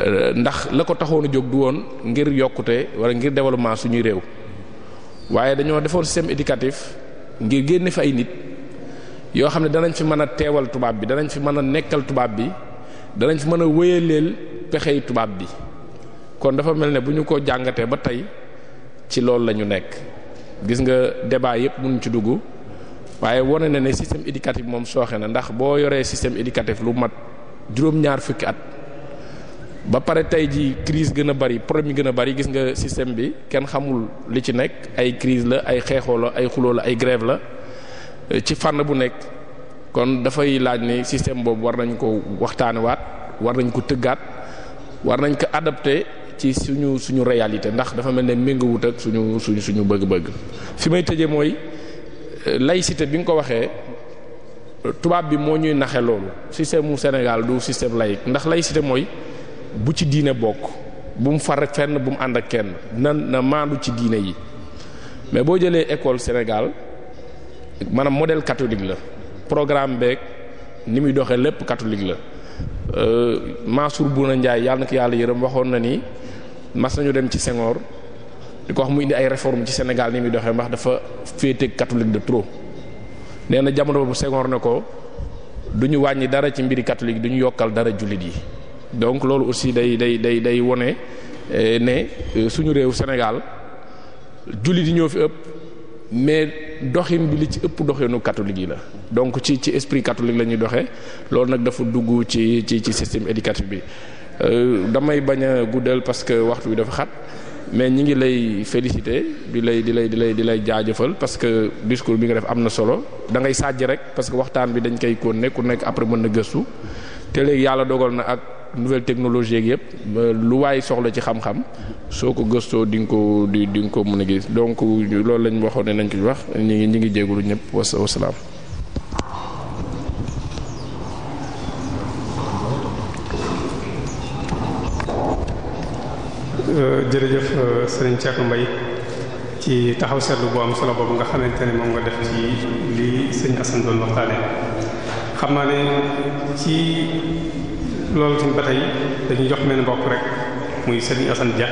euh, ndax la ko taxoon a jóg du woon ngir yokkute wala ngir développement suñuy réew waaye dañoo defoon système éducatif ngir génne fi ay nit yoo xam ne danañ fi mën a teewal tubaab bi danañ fi mën a nekkal tubaab bi danañ fi mën a wéyaleel pexey tubaab bi kon dafa mel ne bu ñu ko jàngatee ba tey ci loolu lañu nekk gis nga débat yépp mënuñ ci dugg waaye wane na ne système éducatif moom sooxe na ndax boo yoree système éducatif lu mat juróom-ñaar fukki at ba pare tey ji crise gën a bari problème yi gën a bari gis nga système bi kenn xamul li ci nekk ay crise la ay xeexoo la ay xuloo la ay grève la euh, ci fànn bu nekk kon dafay laaj ni système boobu war nañ ko waxtaanewaat war nañ ko tëggaat war nañ ko adapté ci suñu suñu réyalité ndax dafa mel ne méngoowut ak suñu suñu suñu bëgg-bëgg fi may tëjee mooy laïcité bi nga ko waxee tubaab bi moo ñuy naxe loolu système mu Sénégal du système laïque ndax laïcité mooy bu ci diine bokk bu mu far fenn bu mu ànd ak kenn na na maandu ci diine yi mais boo jëlee école Sénégal maanaam modèle catholique la programme beeg ni muy doxee lépp catholique la euh, Mansour na Ndiaye yàlla na ko yàlla yërëm waxoon na ni mas nañu dem ci Senghor di ko wax mu indi ay reforme ci Sénégal ni muy doxee ndax dafa féete catholique de trop nee na jamono bu Senghor ne ko du ñu wàññi dara ci mbiri catholique du ñu yokkal dara jullit yi donc loolu aussi day day day day wone eh, ne eh, suñu réew Sénégal jullit yi ñoo fi ëpp mais doxin bi li ci ëpp doxinu catholique yi la donc ci ci esprit catholique la ñuy doxee loolu nag dafa dugg ci ci ci système éducatif bi euh, damay bañ a guddal parce que waxtu bi dafa xat mais ñi ngi lay féliciter di lay di lay di lay di lay jaajëfal parce que discours bi nga def am na solo da ngay sàjj rek parce que waxtaan bi dañ koy continuer ku nekk après mën na gëstu te léegi yàlla dogal na ak nouvelle technologie yëpp lu waaye soxla ci xam-xam soo ko gëstoo di nga ko di di nga ko mën a gis donc loolu lañ waxoon ne nañ ko wax ñu ngi ñu ngi jégalu ñëpp wasalaam. Euh, jërëjëf euh, sëriñ Cheikh Mbaye ci taxaw seetlu boo am solo boobu nga xamante ne moom nga def ci lii sëñ Assane doon waxtaane xam naa ne ci loolu tamit ba tey dañuy jox mel mbokk rek muy sëriñ Assane Dia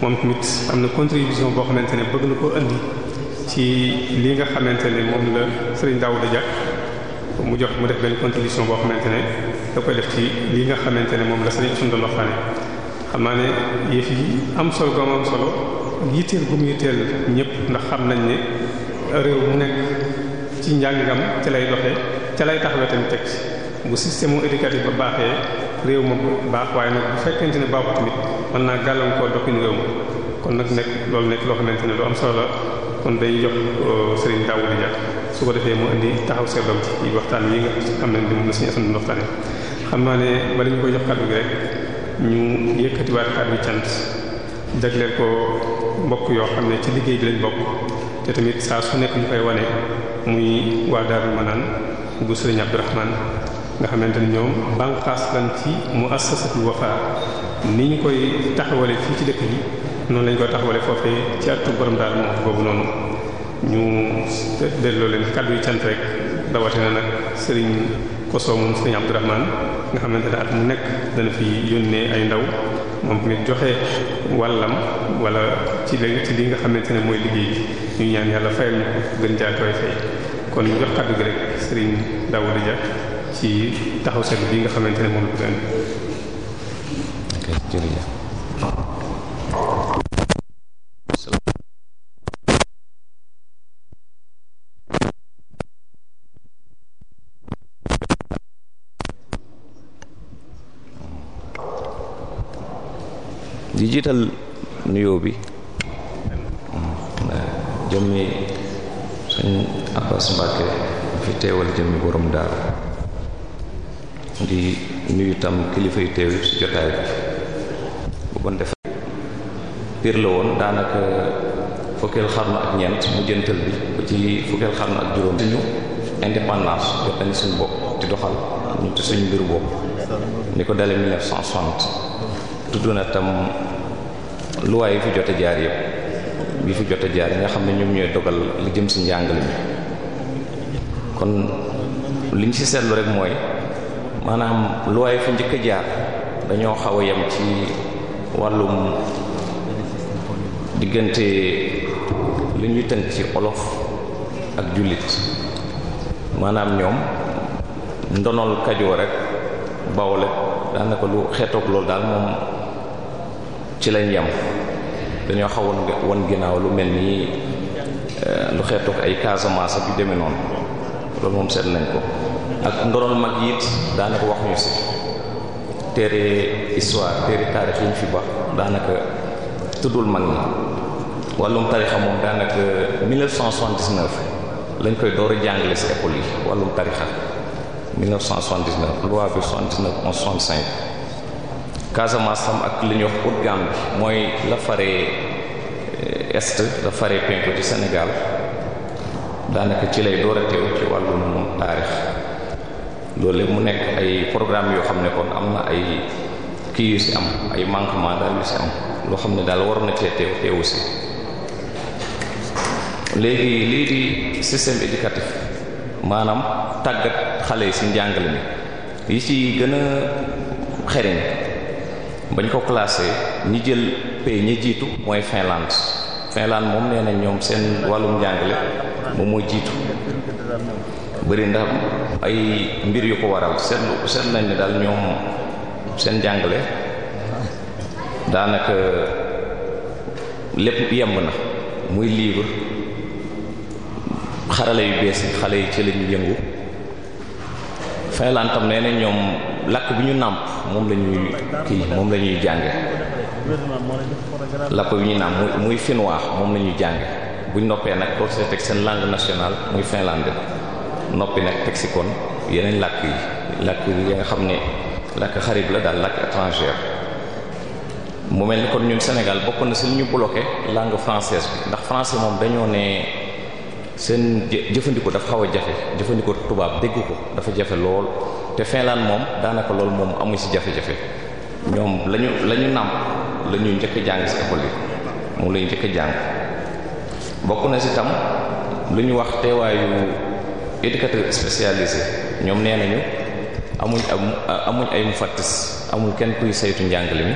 moom tamit am na contribution boo xamante ne bëgg na ko indi ci lii nga xamante ne moom la sëriñ Daouda Dia mu jox mu def benn contribution boo xamante ne da koy def ci lii nga xamante ne moom la sëriñ Assane doon waxtaane xam naa ne yëf yi am solo gam am solo yitteel gum yitteel ñëpp ndax xam nañ ne réew mu nekk ci njàngam ca lay doxee ca lay taxawee tamit teg ci bu système éducatif ba baaxee réew ma baax waaye nag bu fekkente ne baaxut tamit mën naa gàllankoor doxin réew ma kon nag nekk loolu nekk loo xamante ne lu am solo la kon dañuy jox euh, Serigne Daoud Dia su ko defee mu indi taxaw seetloom ci waxtaan yi nga xam ne moom la suñu asan xam naa ne bala ñu koy ñu yëkkatiwaat kàddu cant jagleel ko mbokk yoo xam ne ci liggéey bi lañ bokk te tamit saa su nekk ñu koy wane muy waa Daaru Manaan bu Sëriñ Abdourahman nga xamante ni ñoom banqaas lañ ci muassasatul Wafa ni ñu koy taxawale fii ci dëkk yi noonu lañ koy taxawale foofee ci attu borom daal moom boobu noonu ñu delloo leen kàddu yu cant rek rawatina nag sëriñ Koso moom sëriñ Abdourahman nga xamante ne at mu nekk dana fi yónnee ay ndaw moom tamit joxe wàllam wala ci léegi ci li nga xamante ne mooy liggéey bi ñu ñaan yàlla fayal ñu gën jaa koy kon ñu jox kàddu gi rek sëriñ Daouda ci taxaw seetlu bi nga xamante ne moom la ko di jiital nuyoo bi jëmmi sëñ Abbas Mbàkke fi teewal jëmmi borom daara di nuyu tam kilifa yu teew ci jotaay bi bu kon defee piir la woon daanaka fukkeel xarnu ak ñeent mu jëntal bi ba ci fukkeel xarnu ak juróom suñu indépendance jot nañ suñu doxal ñu suñu mbir bopp ni ko dalee tudd na tam luwaay fi jot a jaar yëpp bi fi jot a jaar yi nga xam ne ñoom ñooy dogal li jëm si njàngale mi kon liñ si seetlu rek mooy maanaam luwaay yi fi njëkk a jaar dañoo xaw a yem ci wàllum diggante li ñuy tënk ci olof ak jullit maanaam ñoom ndonol kajoo rek bawole daanaka lu xeetoog loolu daal moom ci lañ yem dañoo xaw wan ginnaaw lu mel nii euh, lu xeetook ay Casamance bi demee noonu loolu moom seet nañ ko ak ndoroon mag it daanaka wax si téere histoire téere taarix yi ñu fi baax daanaka tuddul mag ñi wàllum tarixa moom daanaka 1979 lañ koy door a jàngale si école yi wàllum tarixa 1979 loi bi 79 1165 Casamance ak li ñuy wax haute Gambie mooy la faree euh, est la faree penku ci Sénégal daanaka ci lay door a teew ci wàllum taarix loolu mu nekk ay programme yoo xam ne kon am na ay kii yu si am ay manquement daal yu si am loo xam ne daal waroon na cee teew teewu si léegi lii di système éducatif maanaam tàggat xale yi si njàngale mi yi ci gën a bañ ko classé ñi jël pays ñi jiitu mooy Finlande Finlande moom nee na ñoom seen wàllum njàngale moom mooy jiitu bëri ndax ay mbir yu ko waral seetlu seet nañ ne daal ñoom seen njàngale daanaka lépp yemb na muy libre xarala yu bees yi xale yi ci lañu yëngu Finlande tam nee na ñoom làkk bi ñu nàmp moom lañuy ñuy kii moom lañuy ñuy jànge làkk bi ñu nàmp muy muy moom la ñuy jànge buñ noppee nag doo seen langue nationale muy finlandais noppi nag teg si kon yeneen làkk yi làkk yi nga xam ne làkk xarib la daal làkk étranger mu mel ni kon ñun senegal bokk na si ñu bloqué làng française bi ndax français moom dañoo ne seen jëfandikoo dafa xaw a jafe jëfandikoo tubaab dégg ko dafa jafe lool te Finlande moom daanaka loolu moom amuñ ci jafe-jafe ñoom lañu la ñu nàmp la ñuy njëkk a jàng ci école moom la ñu njëkk a jàng bokk na ci tam lu ñu wax teewaayu éducateur spécialisé ñoom nee nañu amuñ amuñ ay mu fattis amul kenn kuy saytu njàngale mi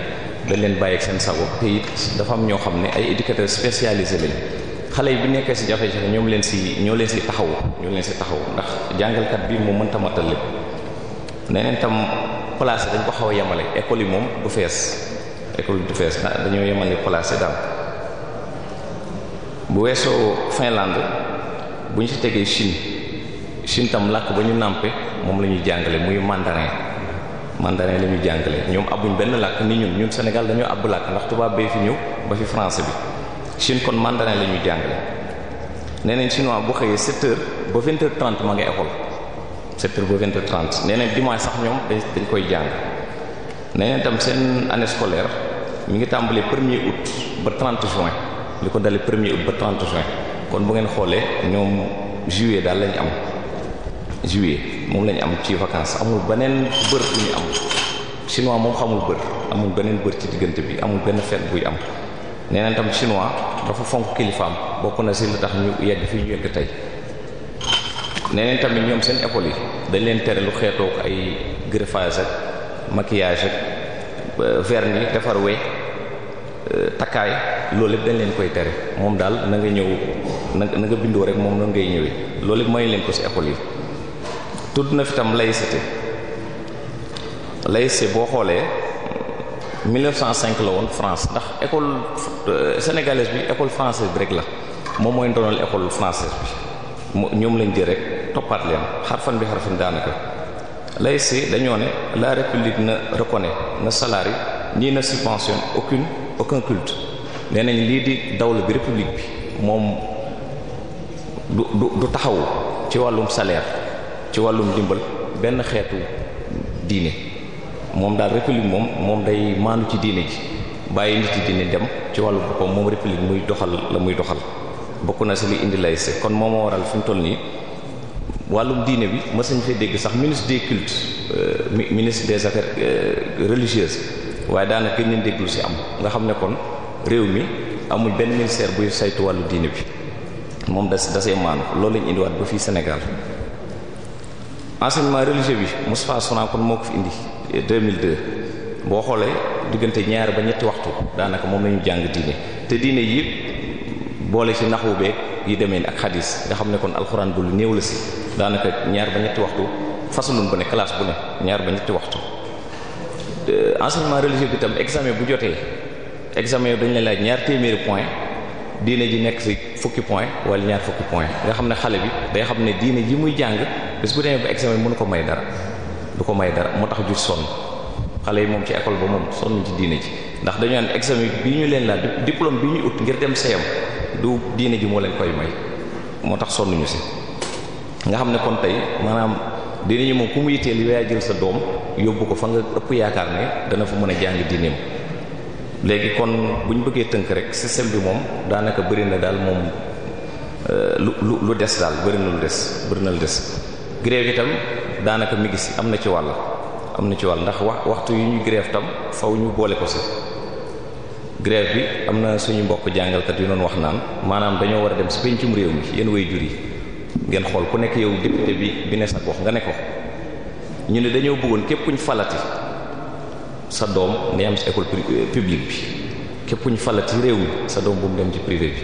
dañ leen bàyyi ak seen sago te it dafa am ñoo xam ne ay éducateur spécialisé lañ xale yi bi nekkee si jafe-jafe ñoom leen si ñoo leen ci taxawu ñoo leen ci taxawu ndax jàngalkat bii moo mënta matal lépp neneen tam placé dañ ko xaw a yemale école yi moom du fees école yi du fees dañoo yemale placé daal bu weesoo Finlande bu ñu ci tegee Chine Chine tam làkk ba ñu nàmpe moom la ñuy jàngale muy mandarin mandarin la ñuy jàngale ñoom abuñ benn làkk ni ñun ñun Sénégal dañoo àbb làkk ndax tubaab bee fi ñëw ba fi français bi Chine kon mandarin la ñuy jàngale nee nañ chinois bu xëyee 7 heures ba 20 heures école sept heures ba vingt heures sax ñoom dañ dañ koy jàng nee tam seen année scolaire mi ngi tàmbali premier août ba 30 juin li ko dalee premier août ba 30 juin kon bu ngeen xoolee ñoom juillet daal lañu am juillet moom lañu am ci vacance amul beneen bër bu ñu am chinois moom xamul bër amul beneen bër ci diggante bi amul benn fet buy am nee tam chinois dafa fonk kilifaam bokk na si li tax ñu yegg fi ñu yegg tey. neneen tamit ñoom seen école yi dañ leen tere lu xeetook ay greffage ak maquillage ak euh, vernis defar we euh, takkaay loolu lépp dañ leen koy tere moom daal na nga ñëw na nga bindoo rek moom noonu ngay ñëwee loolu lépp leen ko si école yi tudd na fi tam laïcité laïcité boo xoolee 1905 la woon France ndax école euh, sénégalaise bi école française bi rek la moom mooy ndonal école française bi ñoom lañ jël rek rek toppaat leen xarfan bi xarfan daanaka laïcité dañoo ne la république na reconnaît ne salarie ni ne subventionne aucune aucun culte nee nañ lii di dawla bi république bi moom du du du taxaw ci wàllum salaire ci wàllum dimbal benn xeetu diine moom daal république moom moom day maanu ci diine ji bàyyi nit yi diine dem ci wàllu boppam moom république muy doxal la muy doxal bokk na ci li indi laïcité kon moom moo waral fi mu toll nii wàllum diine bi mës nañu fee dégg sax ministre des cultes euh, ministre des affaires euh, religieuses waaye daanaka ñu déglu ci am nga xam ne kon réew mi amul benn ministère buy saytu wàllu diine bi moom da dasee maanu loolu lañu indiwaat ba fii Sénégal enseignement religieux bi Moustapha kon moo ko fi indi 2002 euh, boo xoolee diggante ñaar ba ñetti waxtu daanaka moom lañu jàng diine te diine yi boole ci naxwu beeg yi demee ni ak xadis nga xam ne kon alxuraan bu lu néew la si daanaka ñaar ba ñetti waxtu fasalun bu ne classe bu ne ñaar ba ñetti waxtu enseignement religieux bi tam examen bu jotee examen dañ la laaj ñaar téeméeri point diine ji nekk ci fukki point wala ñaar fukki point nga xam ne xale bi day xam ne diine ji muy jàng bis bu demee ba examen mënu ko may dara du ko may dara moo tax jur sonn xale yi moom ci école ba moom sonn ci diine ji ndax dañu naan examen bi ñu leen laaj diplôme bi ñu ut ngir dem seyam du diine ji moo leen koy may moo tax sonn ñu ci nga xam ne kon tey maanaam dinañu moom ku mu yitteel yaa jël sa doom yóbbu ko fa nga ëpp yaakaar ne dana fa mën a jàng diineem léegi kon bu ñu bëggee tënk rek système bi moom daanaka bëri na daal moom euh, lu lu des daal bëri na lu des bëri na lu des grève itam daanaka mi ngi si am na ci wàll am na ci wàll ndax wax waxtu yu ñuy grève tam faw ñu boole ko si grève bi am na suñu mbokk jàngalkat yu noonu wax naan maanaam dañoo war a dem si pencum réew mi yenn way jur ngeen xool ku nekk yow député bi bi ne sa gox nga ne ko ñu ne dañoo bëggoon képp kuñ falati sa doom ne am ci école euh, publique bi képp kuñ falati réew mi sa doom bu mu dem ci privé bi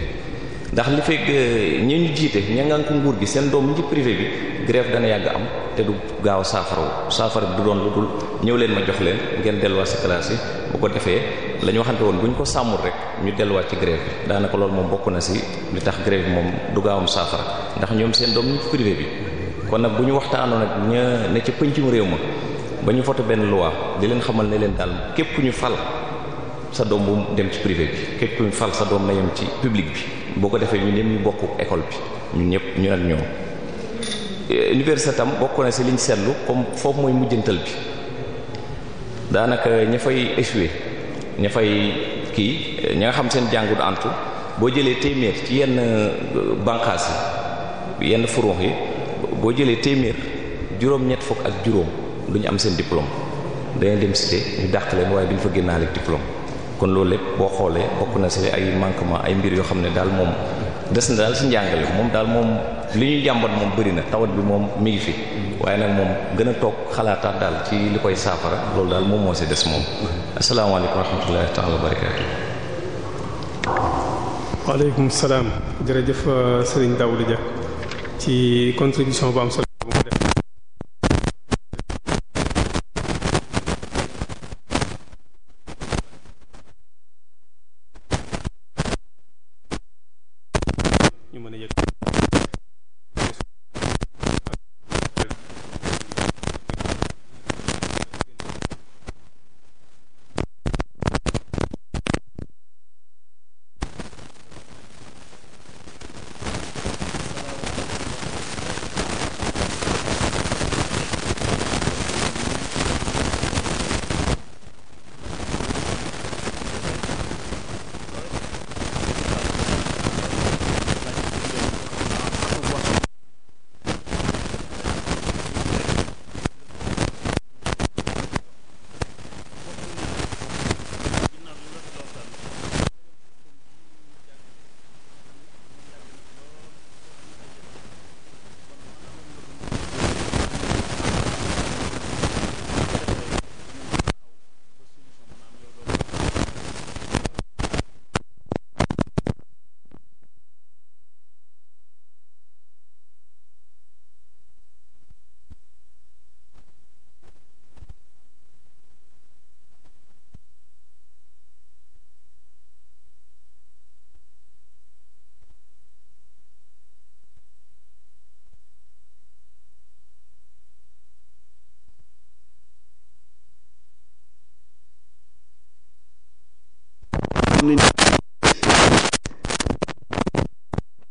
ndax li fekk euh, ñi ñu jiite ñangaan nguur gi seen doom ñi privé bi grève dana yàgg am te du gaaw saafara saafara du doon lu dul ñëw leen ma jox leen ngeen delluwaat si classe yi bu ko defee la waxante woon bu ñu ko sàmmul rek ñu delluwaat ci grève bi daanaka loolu moom bokk na si li tax grève bi moom du gaawam saafara ndax ñoom seen doom ñu bi kon nag bu ñu waxtaanoon ak ña ne ca pëncum réew ma ba ñu voté benn loi di leen xamal ne leen daal képp ñu fal sa doom bu dem ci privé bi képp ku ñu fal sa doom na yem ci public bi boo ko defee ñu ñëpp ñu bokk école bi ñun ñëpp ñu nag ñoom université tam bokk na si liñ seetlu comme foofu mooy mujjantal bi daanaka ña fay échoué ña fay kii ña nga xam seen jàngu du antu boo jëlee téeméer ci yenn euh, banqaas yi yenn furon yi boo jëlee téeméer juróom-ñett fukk ak juróom du ñu am seen diplôme dañuy dem cité ñu dàq leen waaye duñ fa génnaale diplôme kon loolu lépp boo xoolee bokk na ci ay manquement ay mbir yoo xam ne daal moom des na daal ci njàngale moom daal moom. li ñuy jàmbat moom bëri na tawat bi moom mi ngi fi waaye nag moom gën a toog xalaataat daal ci li koy saafara loolu daal moom moo si des moom asalaamaaleykum wa rahmatullahi taala wa barakaatu waaleykum salaam jërëjëf euh, Serigne Daouda Dia ci contribution bu am solo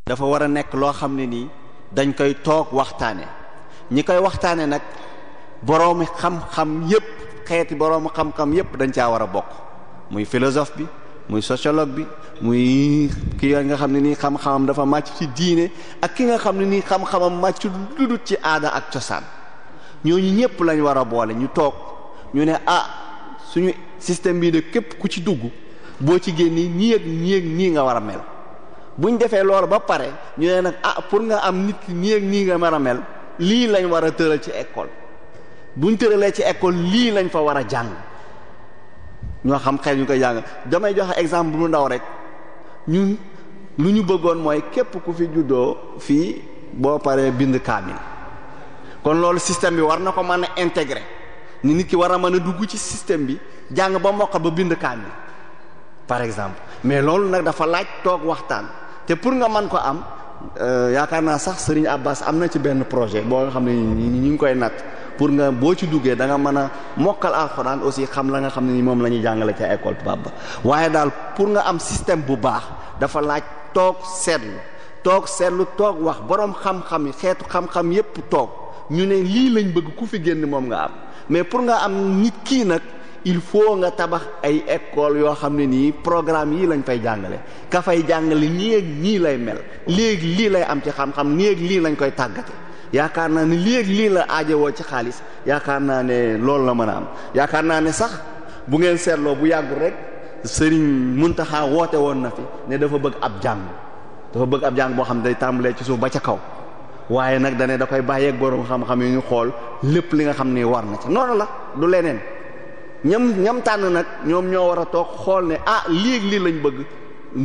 dafa war a nekk loo xam ne nii dañ koy toog waxtaane ñi koy waxtaane nag boroomi xam-xam yépp xeeti boroomi xam-xam yépp dañ caa war a bokk muy philosophe bi muy sociologue bi muy ki nga xam ne nii xam-xamam dafa màcc ci diine ak ki nga xam ne nii xam-xamam màcc lu dul ci aada ak cosaan ñooñu ñépp lañ war a boole ñu toog ñu ne ah suñu système bii de képp ku ci dugg boo ci génnee nii ak nii ak nii nga war a mel buñ defee loolu ba pare ñu ne nag ah pour nga am nit ki nii nii nga war a mel lii lañ war a tëral ci école buñ tëralee ci école lii lañ fa war a jàng ñoo xam xel ñu koy jàng damay joxe exemple bu mu ndaw rek ñun lu ñu bëggoon mooy képp ku fi doo fii boo paree bind kaamil kon loolu système bi war na ko mën a integre ni nit ki war a mën a dugg ci système bi jàng ba mokk ba bind kaamil par exemple mais loolu nag dafa laaj toog waxtaan te pour nga man ko am euh, yaakaar naa sax Serigne Abbas am na ci benn projet boo nga xam ne ñu ngi koy natt pour nga boo ci duggee da nga mën a mokkal alxuraan aussi xam la nga xam ne ni moom la ñuy jàngale ca école Baba waaye daal pour nga am système bu baax dafa laaj toog seetlu toog seetlu toog wax boroom xam-xam yi xeetu xam-xam yépp toog ñu ne lii lañ bëgg ku fi génn moom nga am mais pour nga am nit il foo nga tabax ay école yoo xam ne nii programme yii lañu fay jàngale kafay fay jàngale nii ak nii lay mel léegi lii lay am ci xam-xam nii ak lii lañ koy tàggate yaakaar naa ne léegi lii la woo ci xaalis yaakaar naa ne loolu la mën a am yaakaar naa ne sax bu ngeen seetloo bu yàgg rek Serigne Mountakha woote woon na fi ne dafa bëgg ab jàng dafa bëgg ab jàng boo xam ne day tàmbalee ci suuf ba ca kaw waaye nag dane da koy bàyyeeg borom xam-xam yu ñu xool lépp li nga xam ne war na ñam ñam tànn nag ñoom ñoo war a toog xool ne ah léegi lii lañ bëgg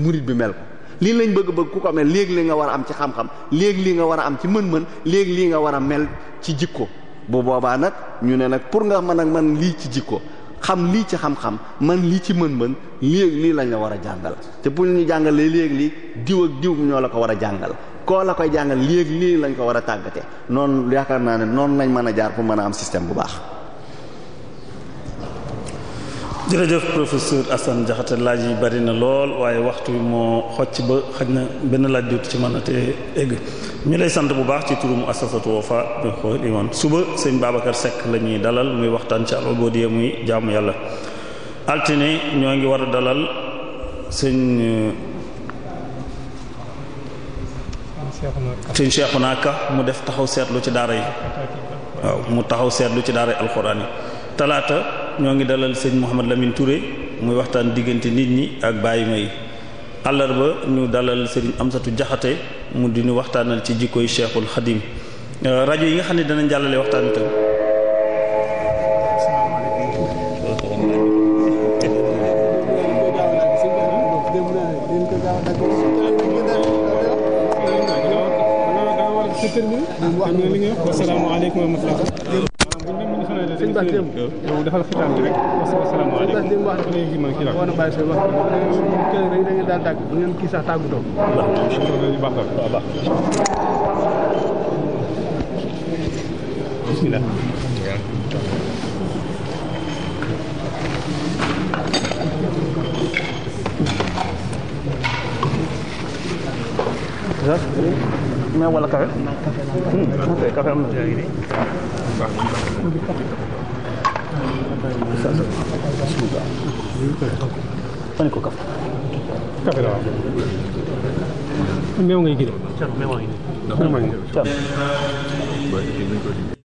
murid bi mel ko lii lañ bëgg bëgg ku ko mel léegi li nga war a am ci xam-xam léegi lii nga war a am ci mën-mën léegi lii nga war a mel ci jikko bu boobaa nag ñu ne nag pour nga mën ak man lii ci jikko xam lii ci xam-xam man lii ci mën-mën léegi lii lañ la war a jàngal te bu ñu jàngalee léegi lii diw ak diw ñoo la ko war a jàngal koo la koy jàngal léegi lii lañ ko war a tàggate noonu yaakaar naa ne noonu lañ mën a jaar pour mën a am système bu baax jërëjëf professeur Assane Diakhaté laaj yi bari na lool waaye waxtu wi moo xocc ba xaj na benn laaj ci mën a te egg ñu lay sant bu baax ci turu Muassasatu Wafa bi xool iman suba sëñ Babacar sekk la ñuy dalal muy waxtaan ci al-ubudiyya muy jaamu yàlla altine ñoo ngi war a dalal sëñ sëñ Cheikhouna mu def taxaw seetlu ci daara yi waaw mu taxaw seetlu ci daara yi alxuraan yi talaata ñoo ngi dalal sëñ Mouhamad Lamine ture muy waxtaan diggante nit ñi ak bàyyi may àllarba ñu dalal sëriñ Amsatu Jaxate mu di ñu waxtaanal ci jikkoy Cheikhul Xadim euh, rajo yi nga xam ne danañ jàllale waxtaan sëñ Ba démb yow defal xitaan bi rek asalaamaaleykum démb wax na woon a bàyyi seen wax kër rek da ngeen daan tàgg bu ngeen kii sax tàggatoo baax na baax bismillah mais hmm, wala café café am na Bismillah. Pani ko kafe. Kafe dawam. Meew ngay gis. Meew maa ngi nii.